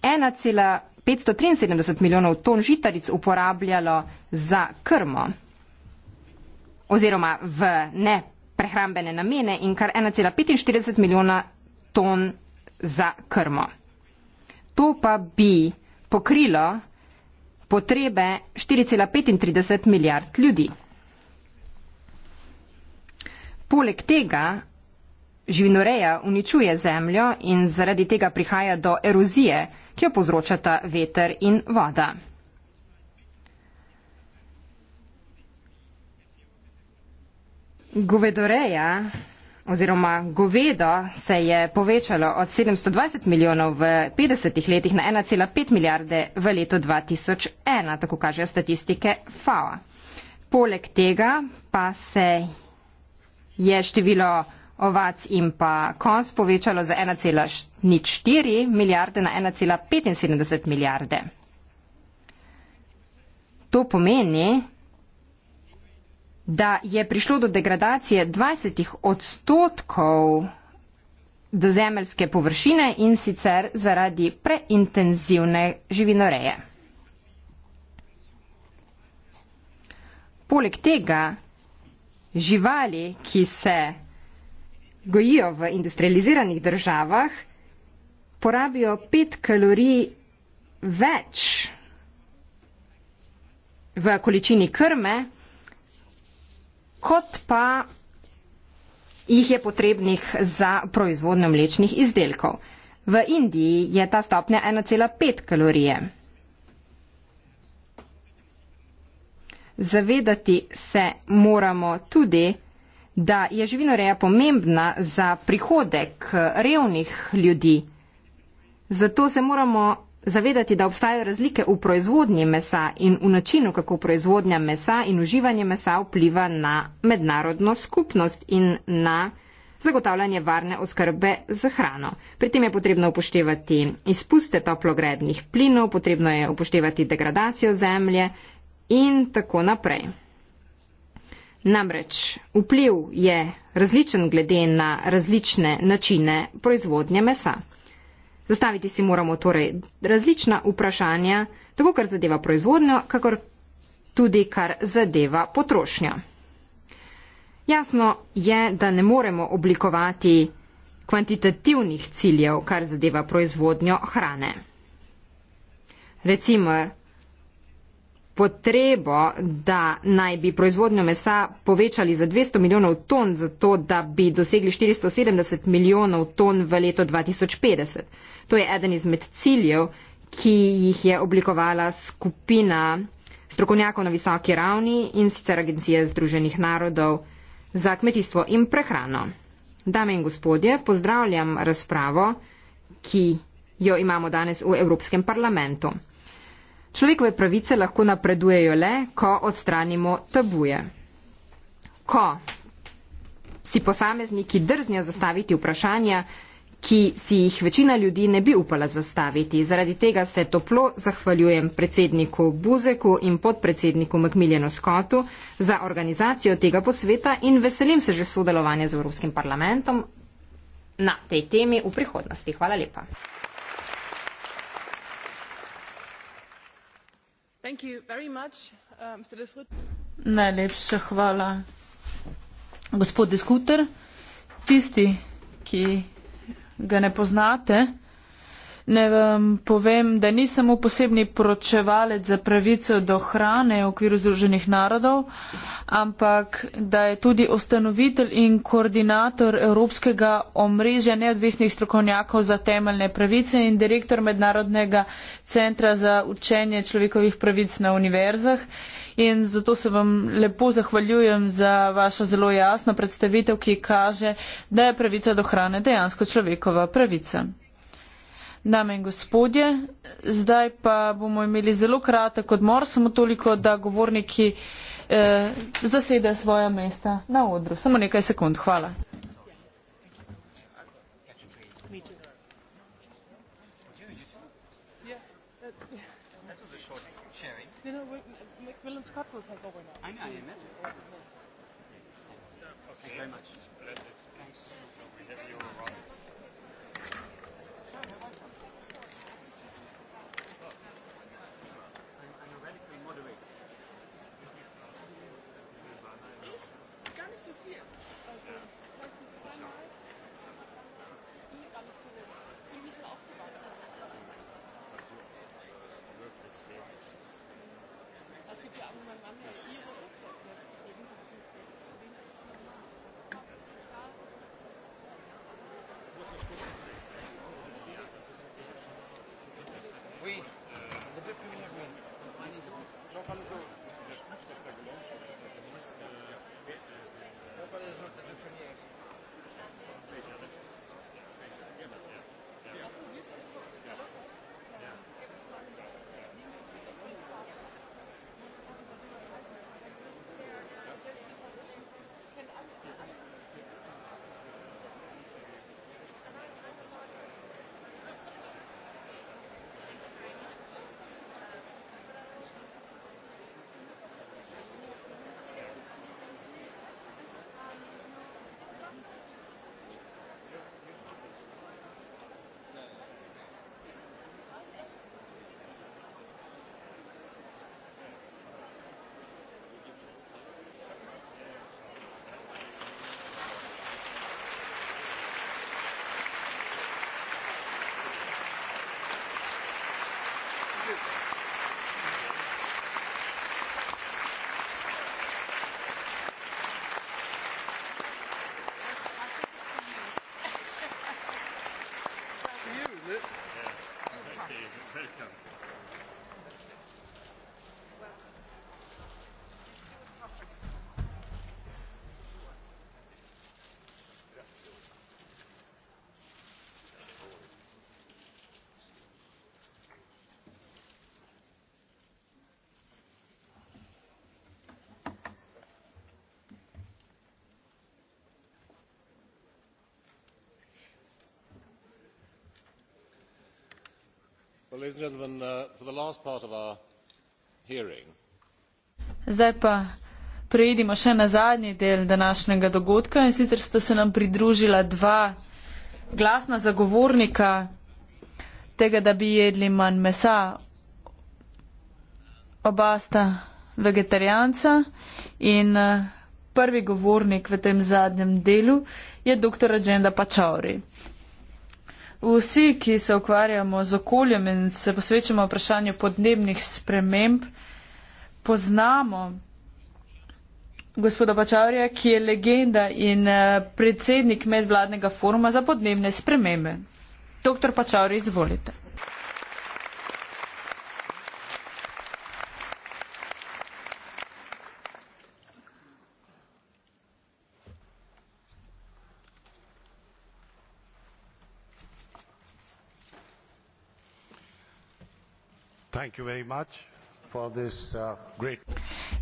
1,573 milijonov ton žitaric uporabljalo za krmo oziroma v neprehrambene namene in kar 1,45 milijona ton za krmo. To pa bi pokrilo potrebe 4,35 milijard ljudi. Poleg tega živinoreja uničuje zemljo in zaradi tega prihaja do erozije, ki jo povzročata veter in voda. Govedoreja oziroma govedo se je povečalo od 720 milijonov v 50 letih na 1,5 milijarde v letu 2001, tako kažejo statistike FAO. Poleg tega pa se je število ovac in pa konc povečalo za 1,4 milijarde na 1,75 milijarde. To pomeni, da je prišlo do degradacije 20 odstotkov do zemeljske površine in sicer zaradi preintenzivne živinoreje. Poleg tega živali, ki se gojijo v industrializiranih državah, porabijo 5 kalorij več v količini krme, kot pa jih je potrebnih za proizvodnjo mlečnih izdelkov. V Indiji je ta stopnja 1,5 kalorije. Zavedati se moramo tudi, da je živinoreja pomembna za prihodek revnih ljudi. Zato se moramo zavedati, da obstajajo razlike v proizvodnji mesa in v načinu, kako proizvodnja mesa in uživanje mesa vpliva na mednarodno skupnost in na zagotavljanje varne oskrbe za hrano. Pri tem je potrebno upoštevati izpuste toplogrednih plinov, potrebno je upoštevati degradacijo zemlje in tako naprej. Namreč vpliv je različen glede na različne načine proizvodnje mesa. Zastaviti si moramo torej različna vprašanja, tako kar zadeva proizvodnjo, kakor tudi kar zadeva potrošnjo. Jasno je, da ne moremo oblikovati kvantitativnih ciljev, kar zadeva proizvodnjo hrane. Recimo, potrebo, da naj bi proizvodnjo mesa povečali za 200 milijonov ton, zato da bi dosegli 470 milijonov ton v leto 2050. To je eden izmed ciljev, ki jih je oblikovala skupina strokovnjakov na visoki ravni in sicer Agencije Združenih narodov za kmetijstvo in prehrano. Dame in gospodje, pozdravljam razpravo, ki jo imamo danes v Evropskem parlamentu. Človekove pravice lahko napredujejo le, ko odstranimo tabuje. Ko si posamezniki drznijo zastaviti vprašanja, ki si jih večina ljudi ne bi upala zastaviti. Zaradi tega se toplo zahvaljujem predsedniku Buzeku in podpredsedniku Makmiljeno Skotu za organizacijo tega posveta in veselim se že sodelovanja z Evropskim parlamentom na tej temi v prihodnosti. Hvala lepa. Uh, Najlepša hvala, gospod diskuter. Tisti, ki ga ne poznate, Ne vam povem, da nisem posebni poročevalec za pravico do hrane v okviru Združenih narodov, ampak da je tudi ustanovitelj in koordinator Evropskega omrežja neodvisnih strokovnjakov za temeljne pravice in direktor Mednarodnega centra za učenje človekovih pravic na univerzah. In zato se vam lepo zahvaljujem za vašo zelo jasno predstavitev, ki kaže, da je pravica do hrane dejansko človekova pravica. Dame in gospodje, zdaj pa bomo imeli zelo kratek odmor, samo toliko, da govorniki eh, zasede svoja mesta na odru. Samo nekaj sekund. Hvala. Yeah. Uh, yeah. Uh, yeah. You know, Uh, zdaj pa preidimo še na zadnji del današnjega dogodka in sicer sta se nam pridružila dva glasna zagovornika tega, da bi jedli manj mesa. Oba sta vegetarijanca in uh, prvi govornik v tem zadnjem delu je dr. Rajenda Pačauri. Vsi, ki se ukvarjamo z okoljem in se posvečamo vprašanju podnebnih sprememb, poznamo gospoda Pačavrja, ki je legenda in eh, predsednik medvladnega foruma za podnebne spremembe. Doktor Pačavri, izvolite. Uh,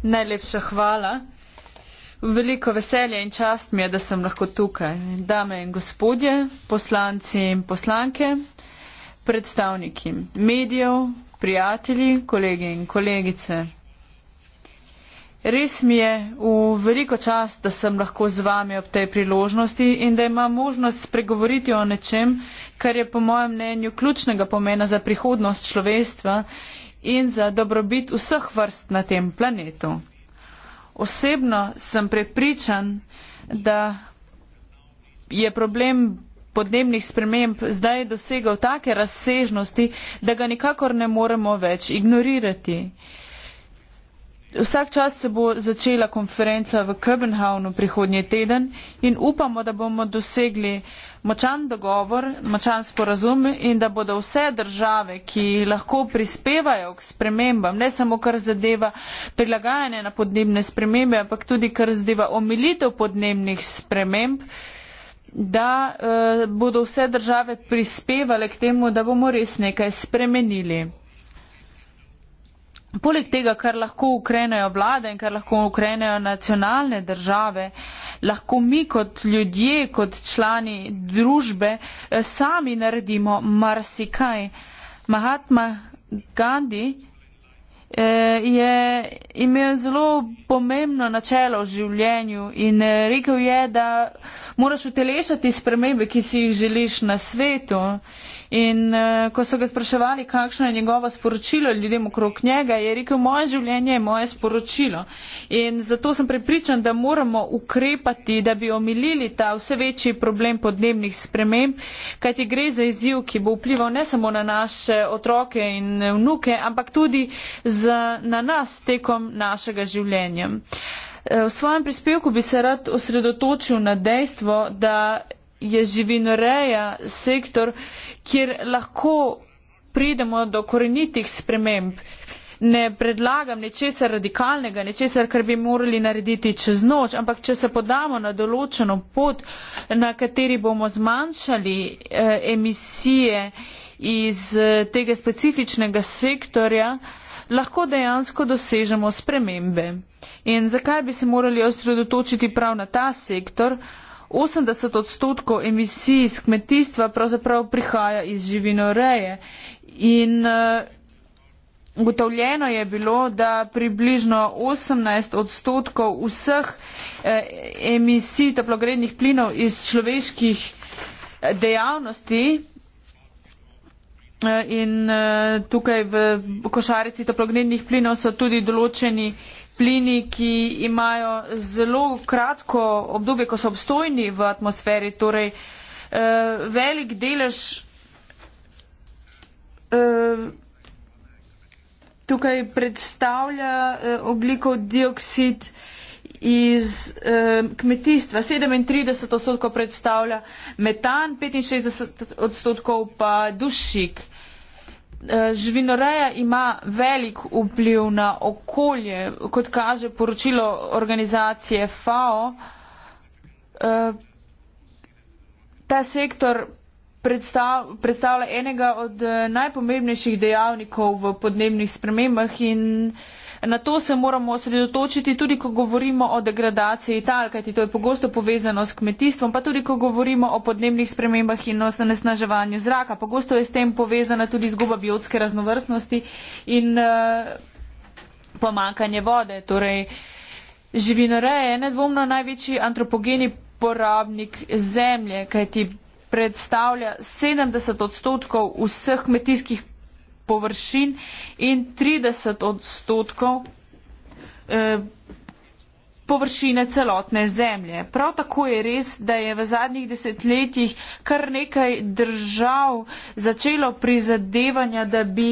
Najlepša hvala. Veliko veselje in čast mi je, da sem lahko tukaj. Dame in gospodje, poslanci in poslanke, predstavniki medijev, prijatelji, kolegi in kolegice. Res mi je v veliko čast, da sem lahko z vami ob tej priložnosti in da imam možnost spregovoriti o nečem, kar je po mojem mnenju ključnega pomena za prihodnost človeštva in za dobrobit vseh vrst na tem planetu. Osebno sem prepričan, da je problem podnebnih sprememb zdaj dosegal take razsežnosti, da ga nikakor ne moremo več ignorirati. Vsak čas se bo začela konferenca v Kopenhavnu prihodnji teden in upamo, da bomo dosegli močan dogovor, močan sporazum in da bodo vse države, ki lahko prispevajo k spremembam, ne samo kar zadeva prilagajanje na podnebne spremembe, ampak tudi kar zadeva omilitev podnebnih sprememb, da eh, bodo vse države prispevale k temu, da bomo res nekaj spremenili. Poleg tega, kar lahko ukrenejo vlade in kar lahko ukrenejo nacionalne države, lahko mi kot ljudje, kot člani družbe eh, sami naredimo marsikaj. Mahatma Gandhi Eh, je imel zelo pomembno načelo v življenju in eh, rekel je, da moraš utelešati spremembe, ki si jih želiš na svetu. In eh, ko so ga spraševali, kakšno je njegovo sporočilo ljudem okrog njega, je rekel, moje življenje je moje sporočilo. In zato sem prepričan, da moramo ukrepati, da bi omilili ta vse večji problem podnebnih sprememb, kajti gre za izziv, ki bo vplival ne samo na naše otroke in vnuke, ampak tudi z na nas tekom našega življenja. E, v svojem prispevku bi se rad osredotočil na dejstvo, da je živinoreja sektor, kjer lahko pridemo do korenitih sprememb. Ne predlagam nečesa radikalnega, nečesa, kar bi morali narediti čez noč, ampak če se podamo na določeno pot, na kateri bomo zmanjšali eh, emisije iz eh, tega specifičnega sektorja, eh, lahko dejansko dosežemo spremembe. In zakaj bi se morali osredotočiti prav na ta sektor? 80 odstotkov emisij iz kmetijstva pravzaprav prihaja iz živinoreje. In eh, ugotovljeno je bilo, da približno 18 odstotkov vseh eh, emisij toplogrednih plinov iz človeških eh, dejavnosti Eh, in eh, tukaj v košarici toplogrednih plinov so tudi določeni plini, ki imajo zelo kratko obdobje, ko so obstojni v atmosferi, torej eh, velik delež. Tukaj predstavlja oglikov dioksid iz kmetijstva. 37 odstotkov predstavlja metan, 65 odstotkov pa dušik. Eh, živinoreja ima velik vpliv na okolje, kot kaže poročilo organizacije FAO. Eh, ta sektor predstavlja enega od eh, najpomembnejših dejavnikov v podnebnih spremembah in na to se moramo osredotočiti tudi, ko govorimo o degradaciji tal, kajti to je pogosto povezano s kmetijstvom, pa tudi, ko govorimo o podnebnih spremembah in o nesnaževanju zraka. Pogosto je s tem povezana tudi zguba biotske raznovrstnosti in uh, pomankanje vode. Torej, živinoreje je nedvomno največji antropogeni porabnik zemlje, kajti predstavlja 70 odstotkov vseh kmetijskih površin in 30 odstotkov eh, površine celotne zemlje. Prav tako je res, da je v zadnjih desetletjih kar nekaj držav začelo prizadevanja, da bi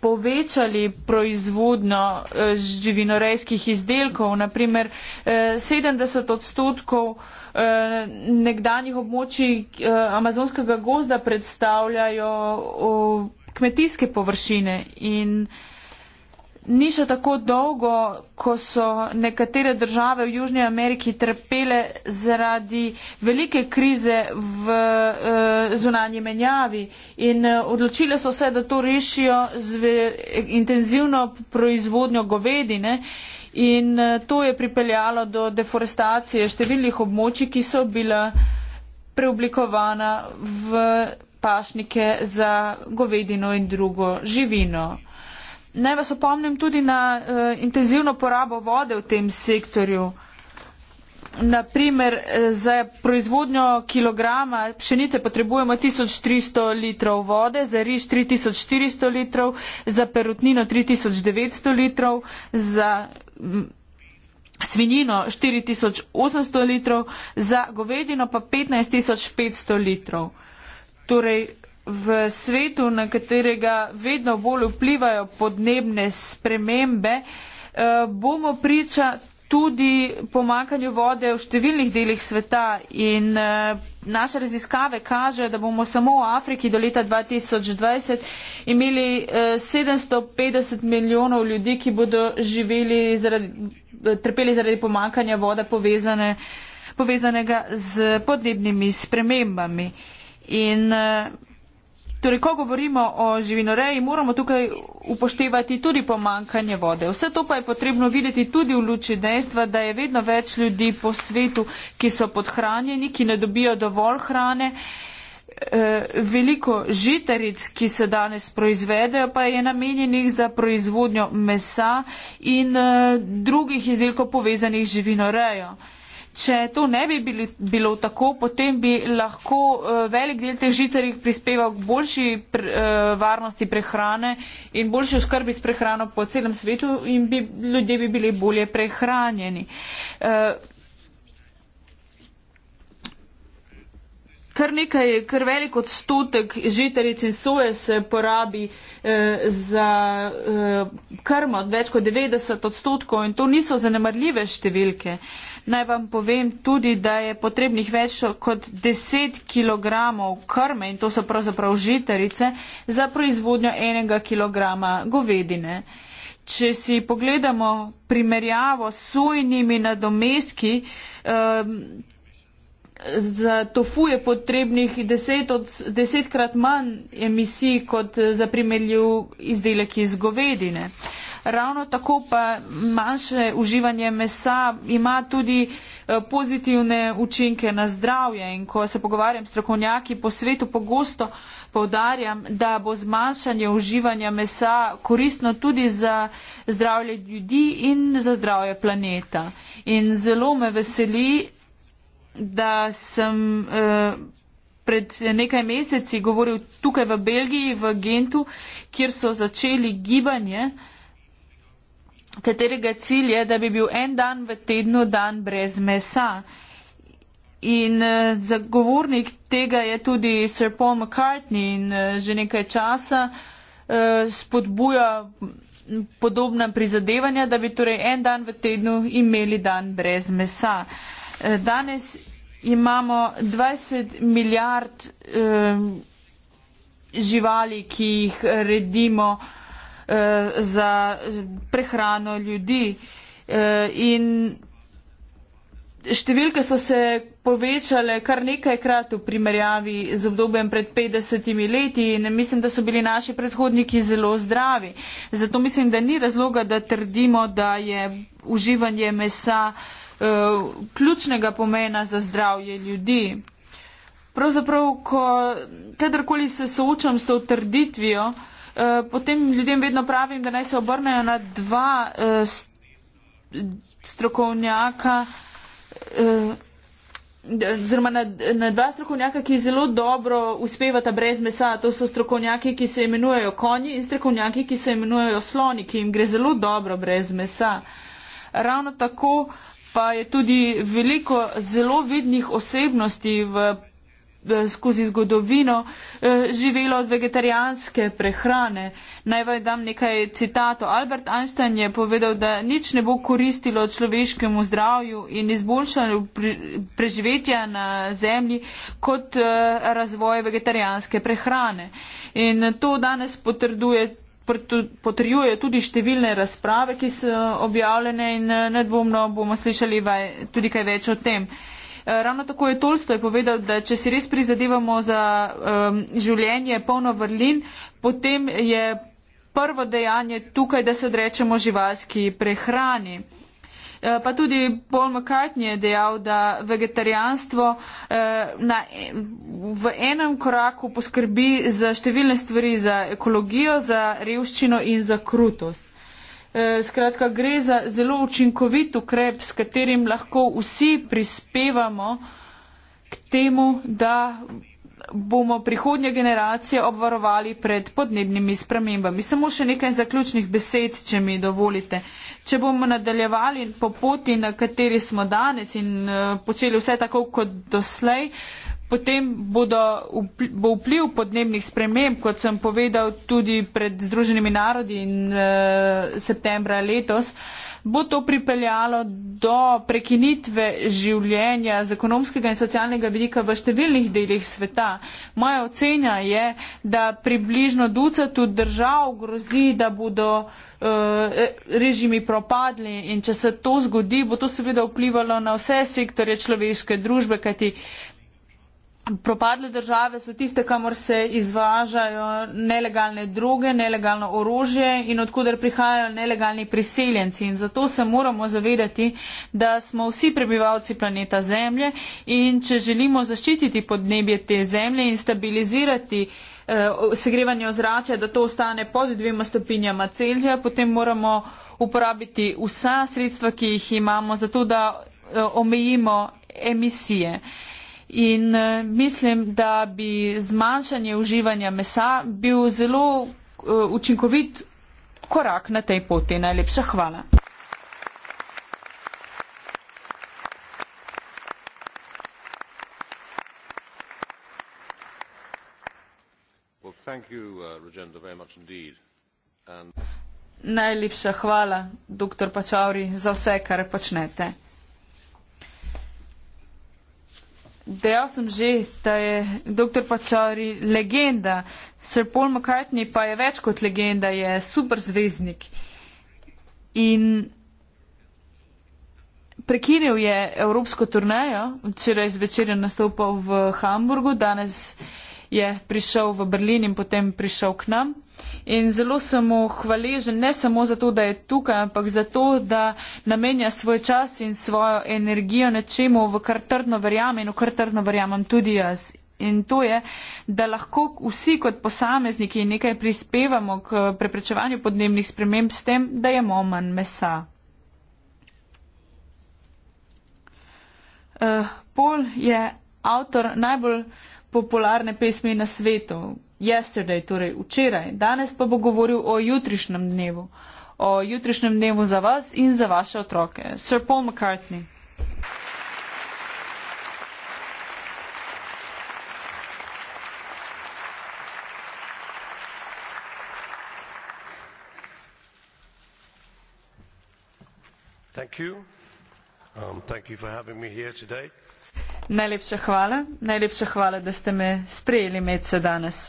povečali proizvodno eh, živinorejskih izdelkov. Naprimer, 70 eh, odstotkov nekdanjih območij amazonskega gozda predstavljajo kmetijske površine in ni še tako dolgo, ko so nekatere države v Južnji Ameriki trpele zaradi velike krize v eh, zunanji menjavi in eh, odločile so se, da to rešijo z ve, intenzivno proizvodnjo govedine. In eh, to je pripeljalo do deforestacije številnih območij, ki so bila preoblikovana v pašnike za govedino in drugo živino. Naj vas opomnim tudi na uh, intenzivno porabo vode v tem sektorju. Naprimer, eh, za proizvodnjo kilograma pšenice potrebujemo 1300 litrov vode, za riž 3400 litrov, za perutnino 3900 litrov, za mm, svinjino 4800 litrov, za govedino pa 15500 litrov. Torej, v svetu, na katerega vedno bolj vplivajo podnebne spremembe, eh, bomo priča tudi pomankanju vode v številnih delih sveta in eh, naše raziskave kaže, da bomo samo v Afriki do leta 2020 imeli 750 eh, milijonov ljudi, ki bodo živeli zaradi, trpeli zaradi pomankanja vode povezane, povezanega z podnebnimi spremembami. In eh, torej, ko govorimo o živinoreji, moramo tukaj upoštevati tudi pomankanje vode. Vse to pa je potrebno videti tudi v luči dejstva, da je vedno več ljudi po svetu, ki so podhranjeni, ki ne dobijo dovolj hrane. Eh, veliko žitaric, ki se danes proizvedejo, pa je namenjenih za proizvodnjo mesa in eh, drugih izdelkov povezanih z živinorejo. Če to ne bi bili, bilo tako, potem bi lahko uh, velik del teh žitarjih prispeval k boljši pr, uh, varnosti prehrane in boljši oskrbi s prehrano po celem svetu in bi, ljudje bi bili bolje prehranjeni. Uh, kar nekaj, kar velik odstotek žitaric in soje se porabi eh, za eh, krmo, več kot 90 odstotkov in to niso zanemarljive številke. Naj vam povem tudi, da je potrebnih več kot 10 kg krme in to so pravzaprav žitarice za proizvodnjo enega kg govedine. Če si pogledamo primerjavo s sojnimi nadomestki, eh, za tofu je potrebnih deset od, desetkrat manj emisij kot za primerljiv izdelek iz govedine. Ravno tako pa manjše uživanje mesa ima tudi eh, pozitivne učinke na zdravje in ko se pogovarjam s strokovnjaki po svetu, pogosto povdarjam, da bo zmanjšanje uživanja mesa koristno tudi za zdravje ljudi in za zdravje planeta. In zelo me veseli, da sem eh, pred nekaj meseci govoril tukaj v Belgiji, v Gentu, kjer so začeli gibanje, katerega cilj je, da bi bil en dan v tednu dan brez mesa. In eh, zagovornik tega je tudi Sir Paul McCartney in eh, že nekaj časa spodbuja podobna prizadevanja, da bi torej en dan v tednu imeli dan brez mesa. Eh, danes imamo 20 milijard eh, živali, ki jih redimo eh, za prehrano ljudi. In številke so se povečale kar nekajkrat v primerjavi z obdobjem pred 50 leti in mislim, da so bili naši predhodniki zelo zdravi. Zato mislim, da ni razloga, da trdimo, da je uživanje mesa eh, Eh, ključnega pomena za zdravje ljudi. Pravzaprav, ko kadarkoli se soočam s to trditvijo, eh, potem ljudem vedno pravim, da naj se obrnejo na dva eh, strokovnjaka, oziroma na dva strokovnjaka, ki zelo dobro uspevata brez mesa. To so strokovnjaki, ki se imenujejo konji in strokovnjaki, ki se imenujejo sloni, ki jim gre zelo dobro brez mesa. Ravno tako, pa je tudi veliko zelo vidnih osebnosti v skozi zgodovino eh, živelo od vegetarijanske prehrane. Naj vam dam nekaj citatov. Albert Einstein je povedal, da nič ne bo koristilo človeškemu zdravju in izboljšanju preživetja na zemlji kot eh, razvoj vegetarijanske prehrane. In to danes potrduje potrjuje tudi številne razprave, ki so objavljene in eh, nedvomno bomo slišali tudi kaj več o tem. Eh, ravno tako je Tolstoj povedal, da če si res prizadevamo za um, življenje polno vrlin, potem je prvo dejanje tukaj, da se odrečemo živalski prehrani. Eh, pa tudi Paul McCartney je dejal, da vegetarijanstvo eh, na, e, v enem koraku poskrbi za številne stvari, za ekologijo, za revščino in za krutost. Eh, skratka, gre za zelo učinkovit ukrep, s katerim lahko vsi prispevamo k temu, da bomo prihodnje generacije obvarovali pred podnebnimi spremembami. Samo še nekaj zaključnih besed, če mi dovolite. Če bomo nadaljevali po poti, na kateri smo danes in eh, počeli vse tako kot doslej, potem bodo, bo vpliv podnebnih sprememb, kot sem povedal tudi pred Združenimi narodi in eh, septembra letos, bo to pripeljalo do prekinitve življenja z ekonomskega in socialnega vidika v številnih delih sveta. Moja ocena je, da približno ducatu držav grozi, da bodo eh, režimi propadli in če se to zgodi, bo to seveda vplivalo na vse sektore človeške družbe, kajti propadle države so tiste, kamor se izvažajo nelegalne druge, nelegalno orožje in odkuder prihajajo nelegalni priseljenci. In zato se moramo zavedati, da smo vsi prebivalci planeta Zemlje in če želimo zaščititi podnebje te Zemlje in stabilizirati eh, segrevanje ozračja, da to ostane pod dvema stopinjama Celzija, potem moramo uporabiti vsa sredstva, ki jih imamo, zato da eh, omejimo emisije. Eh, in eh, mislim, da bi zmanjšanje uživanja mesa bil zelo eh, učinkovit korak na tej poti. Najlepša hvala. Thank you, uh, Regenda, very much indeed. And... Najlepša hvala, dr. Pačauri, za vse, kar počnete. Dejal sem že, da je dr. Pačari legenda, Sir Paul McCartney pa je več kot legenda, je super zvezdnik. In prekinil je evropsko turnejo, včeraj zvečer je nastopal v Hamburgu, danes je prišel v Berlin in potem prišel k nam. In zelo sem mu hvaležen, ne samo zato, da je tukaj, ampak zato, da namenja svoj čas in svojo energijo nečemu, v kar trdno verjamem in v kar trdno verjamem tudi jaz. In to je, da lahko vsi kot posamezniki nekaj prispevamo k preprečevanju podnebnih sprememb s tem, da jemo manj mesa. Uh, Pol je avtor najbolj popularne pesmi na svetu, yesterday, torej včeraj, danes pa bo govoril o jutrišnjem dnevu, o jutrišnjem dnevu za vas in za vaše otroke. Sir Paul McCartney. Thank you. Um, thank you for having me here today. Najlepša hvala. Najlepša hvala, da ste me sprejeli medse danes.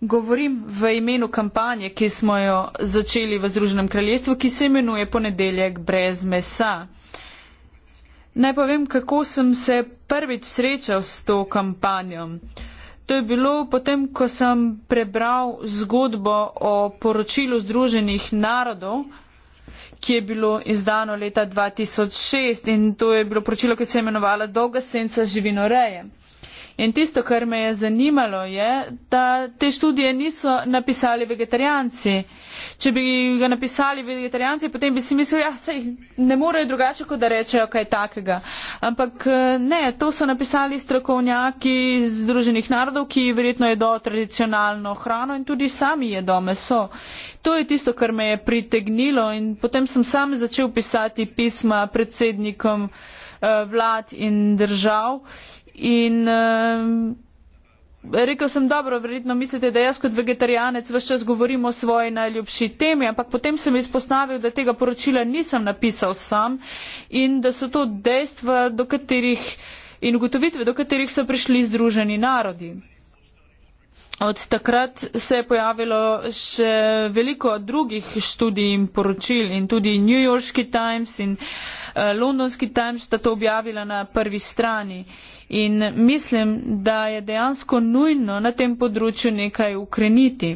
Govorim v imenu kampanje, ki smo jo začeli v Združenem kraljestvu, ki se imenuje Ponedeljek brez mesa. Naj povem, kako sem se prvič srečal s to kampanjo. To je bilo potem, ko sem prebral zgodbo o poročilu Združenih narodov, ki je bilo izdano leta 2006 in to je bilo poročilo, ki se je imenovalo Dolga senca živinoreje. In tisto, kar me je zanimalo, je, da te študije niso napisali vegetarijanci. Če bi ga napisali vegetarijanci, potem bi si mislili, da ja, se jih ne morejo drugače, kot da rečejo kaj takega. Ampak eh, ne, to so napisali strokovnjaki iz Združenih narodov, ki verjetno jedo tradicionalno hrano in tudi sami jedo meso. To je tisto, kar me je pritegnilo in potem sem sam začel pisati pisma predsednikom eh, vlad in držav In eh, rekel sem, dobro, verjetno mislite, da jaz kot vegetarijanec vse čas govorim o svoji najljubši temi, ampak potem sem izpostavil, da tega poročila nisem napisal sam in da so to dejstva, do katerih in ugotovitve, do katerih so prišli združeni narodi. Od takrat se je pojavilo še veliko drugih študij in poročil in tudi New Yorkski Times in uh, Londonski Times sta to objavila na prvi strani in mislim, da je dejansko nujno na tem področju nekaj ukreniti.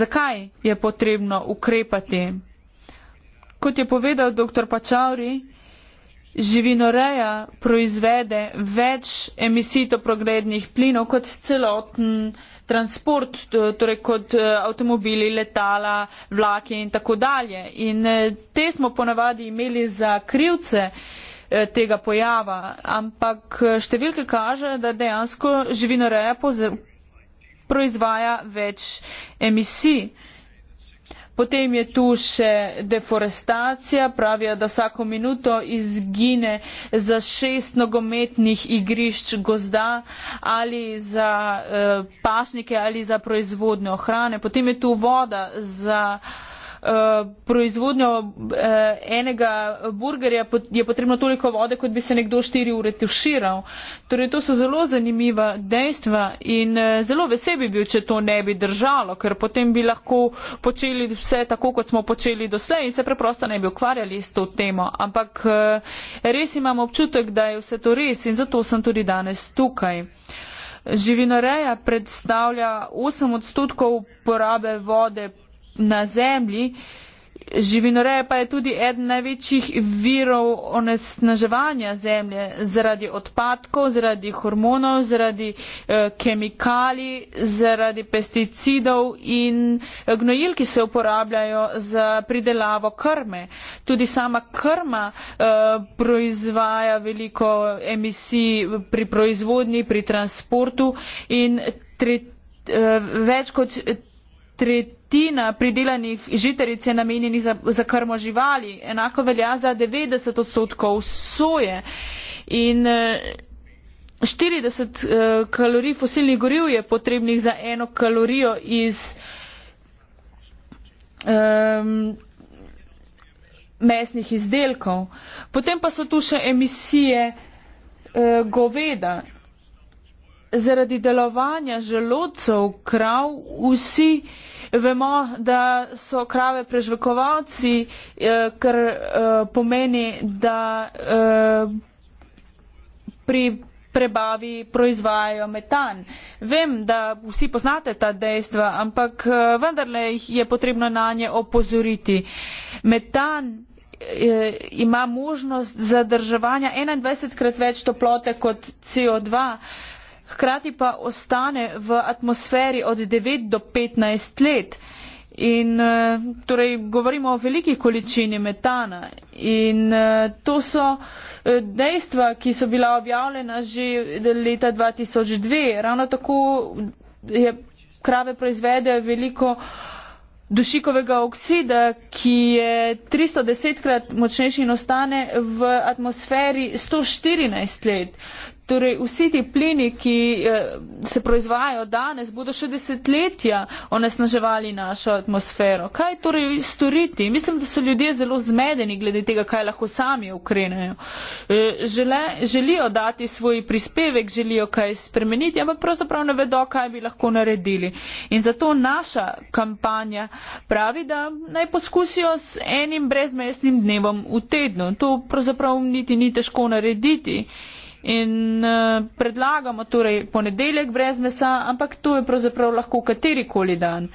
Zakaj je potrebno ukrepati? Kot je povedal dr. Pačauri, živinoreja proizvede več emisij toprogrednih plinov kot celoten transport, torej kot eh, avtomobili, letala, vlake in tako dalje. In eh, te smo ponavadi imeli za krivce. Eh, tega pojava, ampak eh, številke kaže, da dejansko živinoreja proizvaja več emisij. Potem je tu še deforestacija, pravijo, da vsako minuto izgine za šest nogometnih igrišč gozda ali za eh, pašnike ali za proizvodnjo hrane. Potem je tu voda za eh, Eh, proizvodnjo uh, enega burgerja je potrebno toliko vode, kot bi se nekdo štiri ure tuširal. Torej, to so zelo zanimiva dejstva in uh, zelo vesel bi bil, če to ne bi držalo, ker potem bi lahko počeli vse tako, kot smo počeli doslej in se preprosto ne bi ukvarjali s to temo. Ampak uh, res imam občutek, da je vse to res in zato sem tudi danes tukaj. Živinoreja predstavlja 8 odstotkov porabe vode na zemlji. Živinoreja pa je tudi eden največjih virov onesnaževanja zemlje zaradi odpadkov, zaradi hormonov, zaradi eh, kemikali, zaradi pesticidov in eh, gnojil, ki se uporabljajo za pridelavo krme. Tudi sama krma eh, proizvaja veliko emisij pri proizvodnji, pri transportu in tret, eh, več kot tretjina pridelanih žitaric je namenjenih za, za krmo živali, enako velja za 90 odstotkov soje. In, 40 eh, eh, kalorij fosilnih goriv je potrebnih za eno kalorijo iz um, mesnih izdelkov. Potem pa so tu še emisije uh, goveda zaradi delovanja želodcev krav vsi vemo, da so krave prežvekovalci, eh, kar eh, pomeni, da eh, pri prebavi proizvajajo metan. Vem, da vsi poznate ta dejstva, ampak eh, vendarle jih je potrebno na nje opozoriti. Metan eh, ima možnost zadrževanja 21 krat več toplote kot CO2 hkrati pa ostane v atmosferi od 9 do 15 let. In eh, torej govorimo o veliki količini metana in eh, to so eh, dejstva, ki so bila objavljena že leta 2002. Ravno tako je krave proizvedejo veliko dušikovega oksida, ki je 310 krat močnejši in ostane v atmosferi 114 let. Torej, vsi ti plini, ki eh, se proizvajajo danes, bodo še desetletja onesnaževali našo atmosfero. Kaj torej storiti? Mislim, da so ljudje zelo zmedeni glede tega, kaj lahko sami ukrenejo. Eh, žele, želijo dati svoj prispevek, želijo kaj spremeniti, ampak pravzaprav ne vedo, kaj bi lahko naredili. In zato naša kampanja pravi, da naj poskusijo s enim brezmestnim dnevom v tednu. To pravzaprav niti ni težko narediti. In uh, predlagamo torej ponedeljek brez mesa, ampak to je pravzaprav lahko katerikoli dan.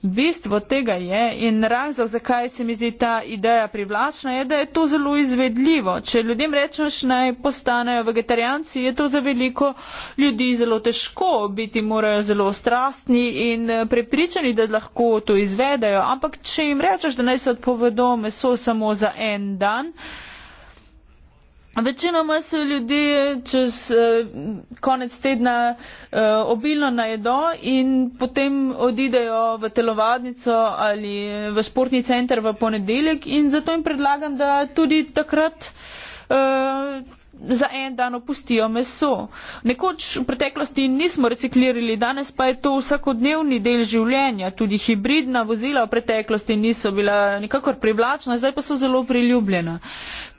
Bistvo tega je in razlog, zakaj se mi zdi ta ideja privlačna, je, da je to zelo izvedljivo. Če ljudem rečeš, naj postanejo vegetarijanci, je to za veliko ljudi zelo težko, biti morajo zelo strastni in eh, prepričani, da lahko to izvedajo. Ampak, če jim rečeš, da naj se odpovedo meso samo za en dan, uh, Večinoma se ljudje čez eh, konec tedna eh, obilno najedo in potem odidejo v telovadnico ali v športni center v ponedeljek in zato jim predlagam, da tudi takrat eh, za en dan opustijo meso. Nekoč v preteklosti nismo reciklirali, danes pa je to vsakodnevni del življenja. Tudi hibridna vozila v preteklosti niso bila nikakor privlačna, zdaj pa so zelo priljubljena.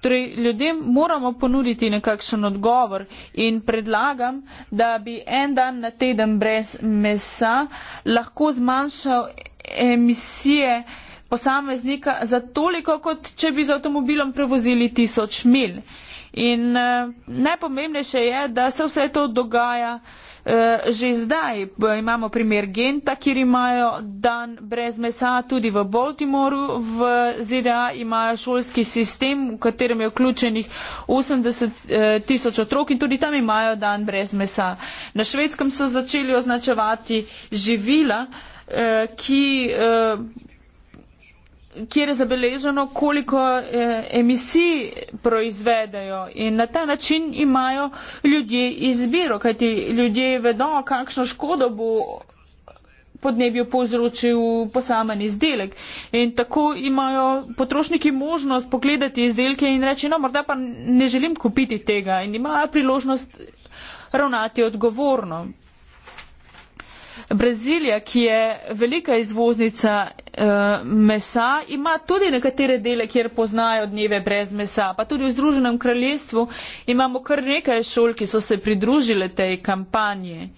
Torej, ljudem moramo ponuditi nekakšen odgovor in predlagam, da bi en dan na teden brez mesa lahko zmanjšal emisije posameznika za toliko, kot če bi z avtomobilom prevozili tisoč mil. In uh, najpomembnejše je, da se vse to dogaja uh, že zdaj. Imamo primer Genta, kjer imajo dan brez mesa, tudi v Baltimoru v ZDA imajo šolski sistem, v katerem je vključenih 80 uh, eh, tisoč otrok in tudi tam imajo dan brez mesa. Na švedskem so začeli označevati živila, uh, ki. Uh, kjer je zabeleženo, koliko eh, emisij proizvedajo in na ta način imajo ljudje izbiro, kajti ljudje vedo, kakšno škodo bo podnebju povzročil posamen izdelek. In tako imajo potrošniki možnost pogledati izdelke in reči, no, morda pa ne želim kupiti tega in imajo priložnost ravnati odgovorno. Brazilija, ki je velika izvoznica uh, mesa, ima tudi nekatere dele, kjer poznajo dneve brez mesa. Pa tudi v Združenem kraljestvu imamo kar nekaj šol, ki so se pridružile tej kampanji.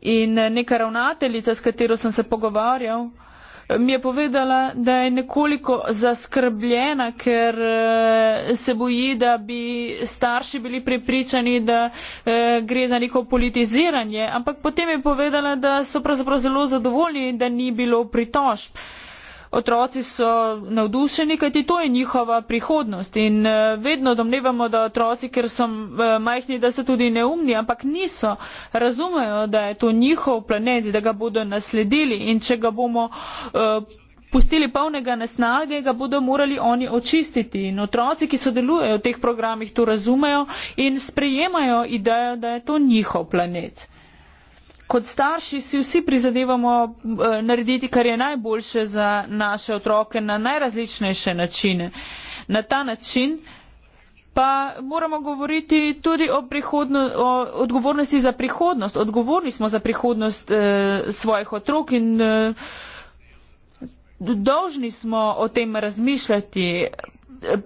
In eh, neka ravnateljica, s katero sem se pogovarjal, uh, mi je povedala, da je nekoliko zaskrbljena, ker eh, se boji, da bi starši bili prepričani, da eh, gre za neko politiziranje, ampak potem je povedala, da so pravzaprav zelo zadovoljni, da ni bilo pritožb otroci so navdušeni, kajti to je njihova prihodnost. In eh, vedno domnevamo, da otroci, ker so eh, majhni, da so tudi neumni, ampak niso. Razumejo, da je to njihov planet, da ga bodo nasledili in če ga bomo. Eh, pustili polnega nesnage, ga bodo morali oni očistiti. In otroci, ki sodelujejo v teh programih, to razumejo in sprejemajo idejo, da je to njihov planet kot starši si vsi prizadevamo eh, narediti, kar je najboljše za naše otroke na najrazličnejše načine. Na ta način pa moramo govoriti tudi o, o odgovornosti za prihodnost. Odgovorni smo za prihodnost eh, svojih otrok in eh, dolžni smo o tem razmišljati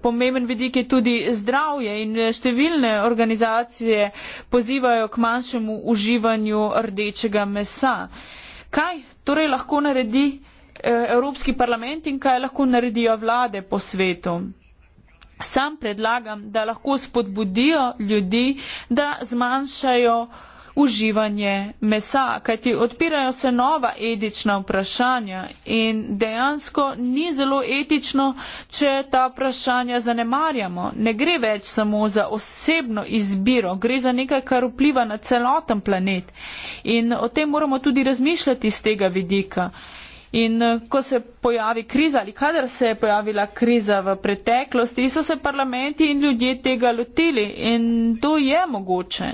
pomemben vidik je tudi zdravje in številne organizacije pozivajo k manjšemu uživanju rdečega mesa. Kaj torej lahko naredi eh, Evropski parlament in kaj lahko naredijo vlade po svetu? Sam predlagam, da lahko spodbudijo ljudi, da zmanjšajo uživanje mesa, kajti odpirajo se nova etična vprašanja in dejansko ni zelo etično, če ta vprašanja zanemarjamo. Ne gre več samo za osebno izbiro, gre za nekaj, kar vpliva na celoten planet in o tem moramo tudi razmišljati z tega vidika. In ko se pojavi kriza ali kadar se je pojavila kriza v preteklosti, so se parlamenti in ljudje tega lotili in to je mogoče.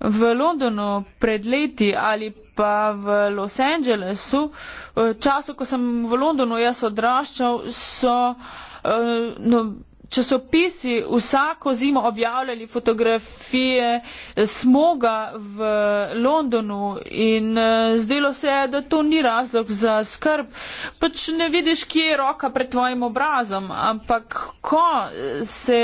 V Londonu pred leti ali pa v Los Angelesu, v eh, času, ko sem v Londonu jaz odraščal, so eh, no, časopisi vsako zimo objavljali fotografije smoga v Londonu in eh, zdelo se je, da to ni razlog za skrb. Pač ne vidiš, kje je roka pred tvojim obrazom, ampak ko eh, se,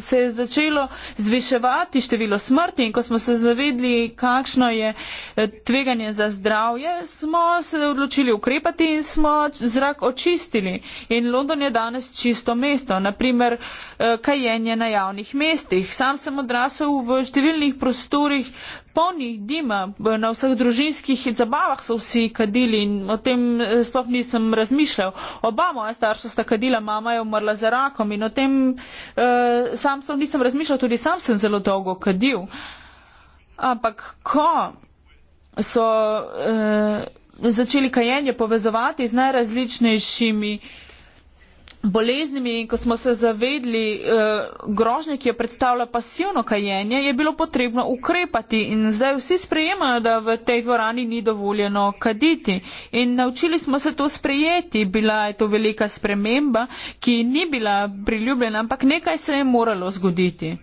se je začelo zviševati število smrti in ko smo se zavedli, kakšno je eh, tveganje za zdravje, smo se odločili ukrepati in smo zrak očistili. In London je danes čisto mesto. Naprimer, Eh, kajenje na javnih mestih. Sam sem odrasel v številnih prostorih polnih dima, na vseh družinskih zabavah so vsi kadili in o tem eh, sploh nisem razmišljal. Oba moja starša sta kadila, mama je umrla za rakom in o tem eh, sam sem, nisem razmišljal, tudi sam sem zelo dolgo kadil. Ampak ko so eh, začeli kajenje povezovati z najrazličnejšimi eh, boleznimi in ko smo se zavedli eh, grožnje, ki jo predstavlja pasivno kajenje, je bilo potrebno ukrepati in zdaj vsi sprejemajo, da v tej dvorani ni dovoljeno kaditi. In naučili smo se to sprejeti, bila je to velika sprememba, ki ni bila priljubljena, ampak nekaj se je moralo zgoditi.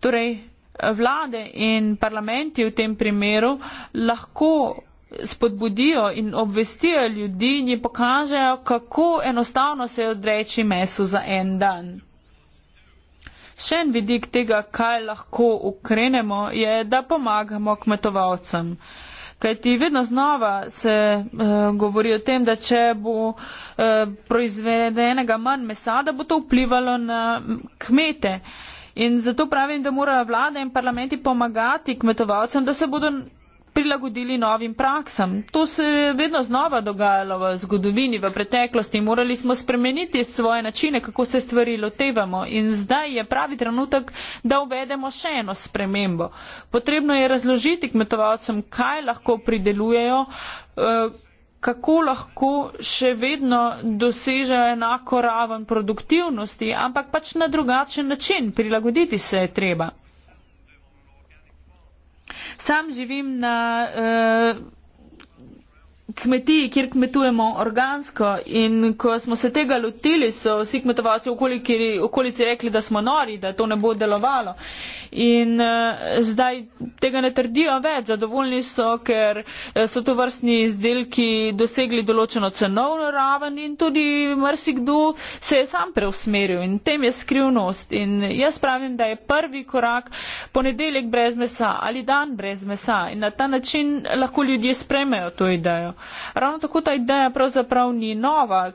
Torej, eh, vlade in parlamenti v tem primeru lahko spodbudijo in obvestijo ljudi in jim pokažejo, kako enostavno se je odreči mesu za en dan. Še en vidik tega, kaj lahko ukrenemo, je, da pomagamo kmetovalcem. Kaj ti vedno znova se uh, govori o tem, da če bo uh, eh, proizvedenega manj mesa, da bo to vplivalo na kmete. In zato pravim, da morajo vlade in parlamenti pomagati kmetovalcem, da se bodo prilagodili novim praksam. To se je vedno znova dogajalo v zgodovini, v preteklosti. Morali smo spremeniti svoje načine, kako se stvari lotevamo. In zdaj je pravi trenutek, da uvedemo še eno spremembo. Potrebno je razložiti kmetovalcem, kaj lahko pridelujejo, eh, kako lahko še vedno dosežejo enako raven produktivnosti, ampak pač na drugačen način. Prilagoditi se je treba. Sam živim na uh, kmetiji, kjer kmetujemo organsko in ko smo se tega lotili, so vsi kmetovalci v okolici rekli, da smo nori, da to ne bo delovalo. In uh, zdaj tega ne trdijo več, zadovoljni so, ker eh, so to vrstni izdelki dosegli določeno cenovno raven in tudi mrsikdo se je sam preusmeril in tem je skrivnost. In jaz pravim, da je prvi korak ponedeljek brez mesa ali dan brez mesa in na ta način lahko ljudje spremejo to idejo. Ravno tako ta ideja pravzaprav ni nova.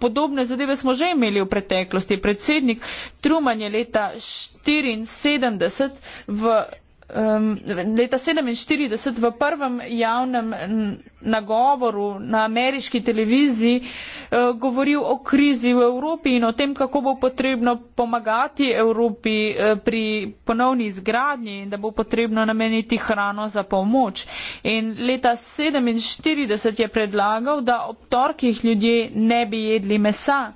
Podobne zadeve smo že imeli v preteklosti. Predsednik Truman je leta 1974 v um, leta 1947 v prvem javnem nagovoru na ameriški televiziji uh, govoril o krizi v Evropi in o tem, kako bo potrebno pomagati Evropi uh, pri ponovni izgradnji in da bo potrebno nameniti hrano za pomoč. In leta 1947 je predlagal, da ob torkih ljudje ne bi jedli mesa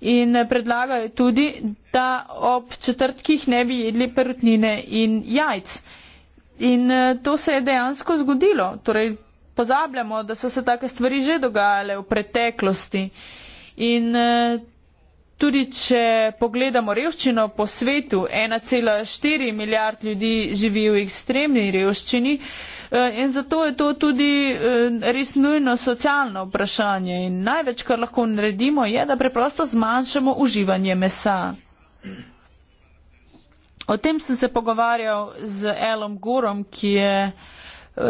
in predlagajo tudi, da ob četrtkih ne bi jedli perutnine in jajc. In eh, to se je dejansko zgodilo. Torej, pozabljamo, da so se take stvari že dogajale v preteklosti. In eh, Tudi če pogledamo revščino po svetu, 1,4 milijard ljudi živi v ekstremni revščini eh, in zato je to tudi eh, res nujno socialno vprašanje. In največ, kar lahko naredimo, je, da preprosto zmanjšamo uživanje mesa. O tem sem se pogovarjal z Elom Gorom, ki je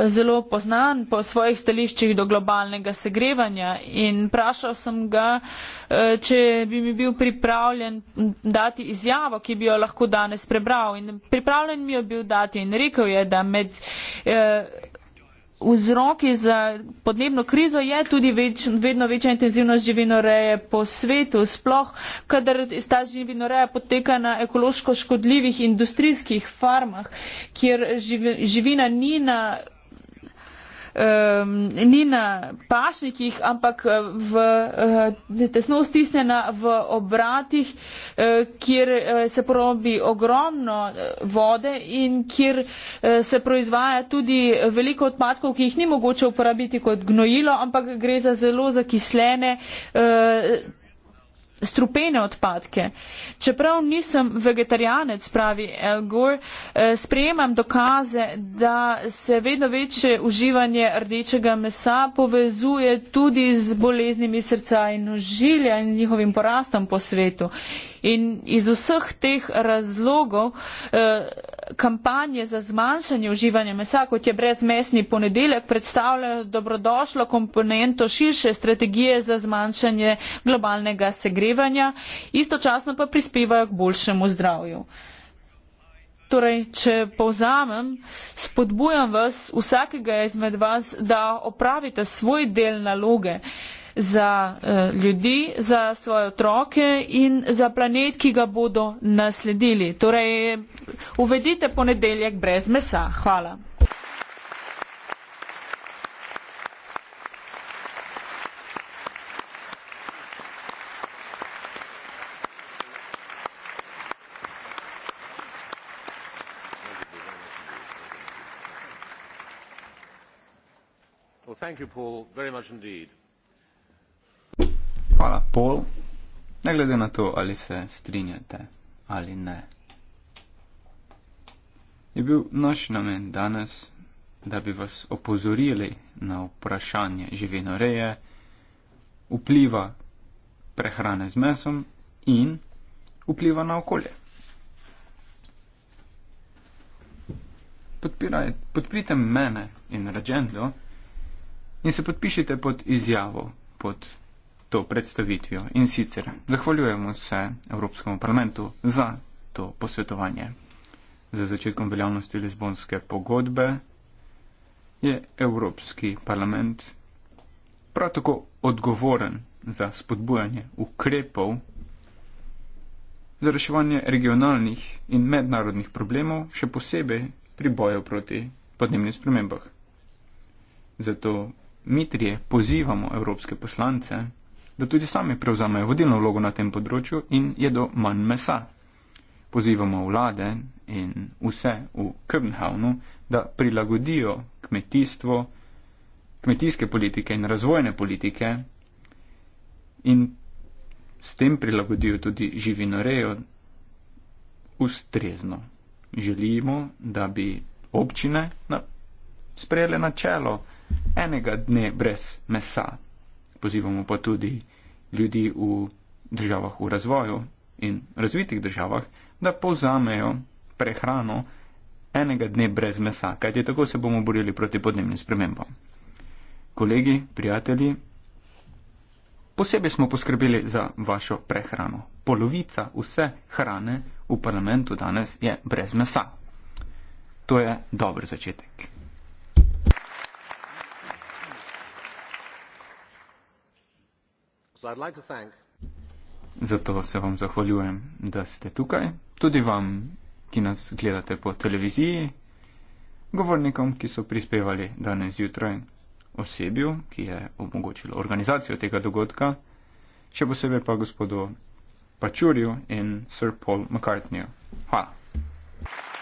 zelo poznan po svojih stališčih do globalnega segrevanja in vprašal sem ga, eh, če bi mi bil pripravljen dati izjavo, ki bi jo lahko danes prebral. In pripravljen mi jo bil dati in rekel je, da med eh, vzroki za podnebno krizo je tudi več, vedno večja intenzivnost živinoreje po svetu, sploh kadar ta živinoreja poteka na ekološko škodljivih industrijskih farmah, kjer živ, živina ni na um, ni na pašnikih, ampak eh, v, uh, tesno stisnjena v obratih, uh, kjer uh, se porobi ogromno vode in kjer uh, se proizvaja tudi veliko odpadkov, ki jih ni mogoče uporabiti kot gnojilo, ampak gre za zelo zakislene. Uh, strupene odpadke. Čeprav nisem vegetarijanec, pravi El Gore, eh, sprejemam dokaze, da se vedno večje uživanje rdečega mesa povezuje tudi z boleznimi srca in ožilja in z njihovim porastom po svetu. In iz vseh teh razlogov eh, kampanje za zmanjšanje uživanja mesa, kot je brezmesni ponedeljek, predstavlja dobrodošlo komponento širše strategije za zmanjšanje globalnega segrevanja, istočasno pa prispevajo k boljšemu zdravju. Torej, če povzamem, spodbujam vas, vsakega izmed vas, da opravite svoj del naloge. Uh, za eh, ljudi, za svoje otroke in za planet, ki ga bodo nasledili. Torej, uvedite ponedeljek brez mesa. Hvala. Well, thank you, Paul, very much indeed hvala, Pol, ne glede na to, ali se strinjate ali ne. Je bil naš namen danes, da bi vas opozorili na vprašanje živinoreje, vpliva prehrane z mesom in vpliva na okolje. Podpiraj, podprite mene in Rajendo in se podpišite pod izjavo, pod to predstavitvijo in sicer zahvaljujemo se Evropskemu parlamentu za to posvetovanje. Za začetkom veljavnosti Lizbonske pogodbe je Evropski parlament prav tako odgovoren za spodbujanje ukrepov za reševanje regionalnih in mednarodnih problemov, še posebej pri boju proti podnebnih spremembah. Zato mi trije pozivamo evropske poslance, da tudi sami prevzamejo vodilno vlogo na tem področju in jedo manj mesa. Pozivamo vlade in vse v Köbenhavnu, da prilagodijo kmetijstvo, kmetijske politike in razvojne politike in s tem prilagodijo tudi živinorejo ustrezno. Želimo, da bi občine na, sprejele načelo enega dne brez mesa pozivamo pa tudi ljudi v državah v razvoju in razvitih državah, da povzamejo prehrano enega dne brez mesa, kajti tako se bomo borili proti podnebnim spremembam. Kolegi, prijatelji, posebej smo poskrbeli za vašo prehrano. Polovica vse hrane v parlamentu danes je brez mesa. To je dober začetek. Zato se vam zahvaljujem, da ste tukaj, tudi vam, ki nas gledate po televiziji, govornikom, ki so prispevali danes zjutraj, osebju, ki je omogočilo organizacijo tega dogodka, še posebej pa gospodu Pačurju in Sir Paul McCartneyju. Hvala.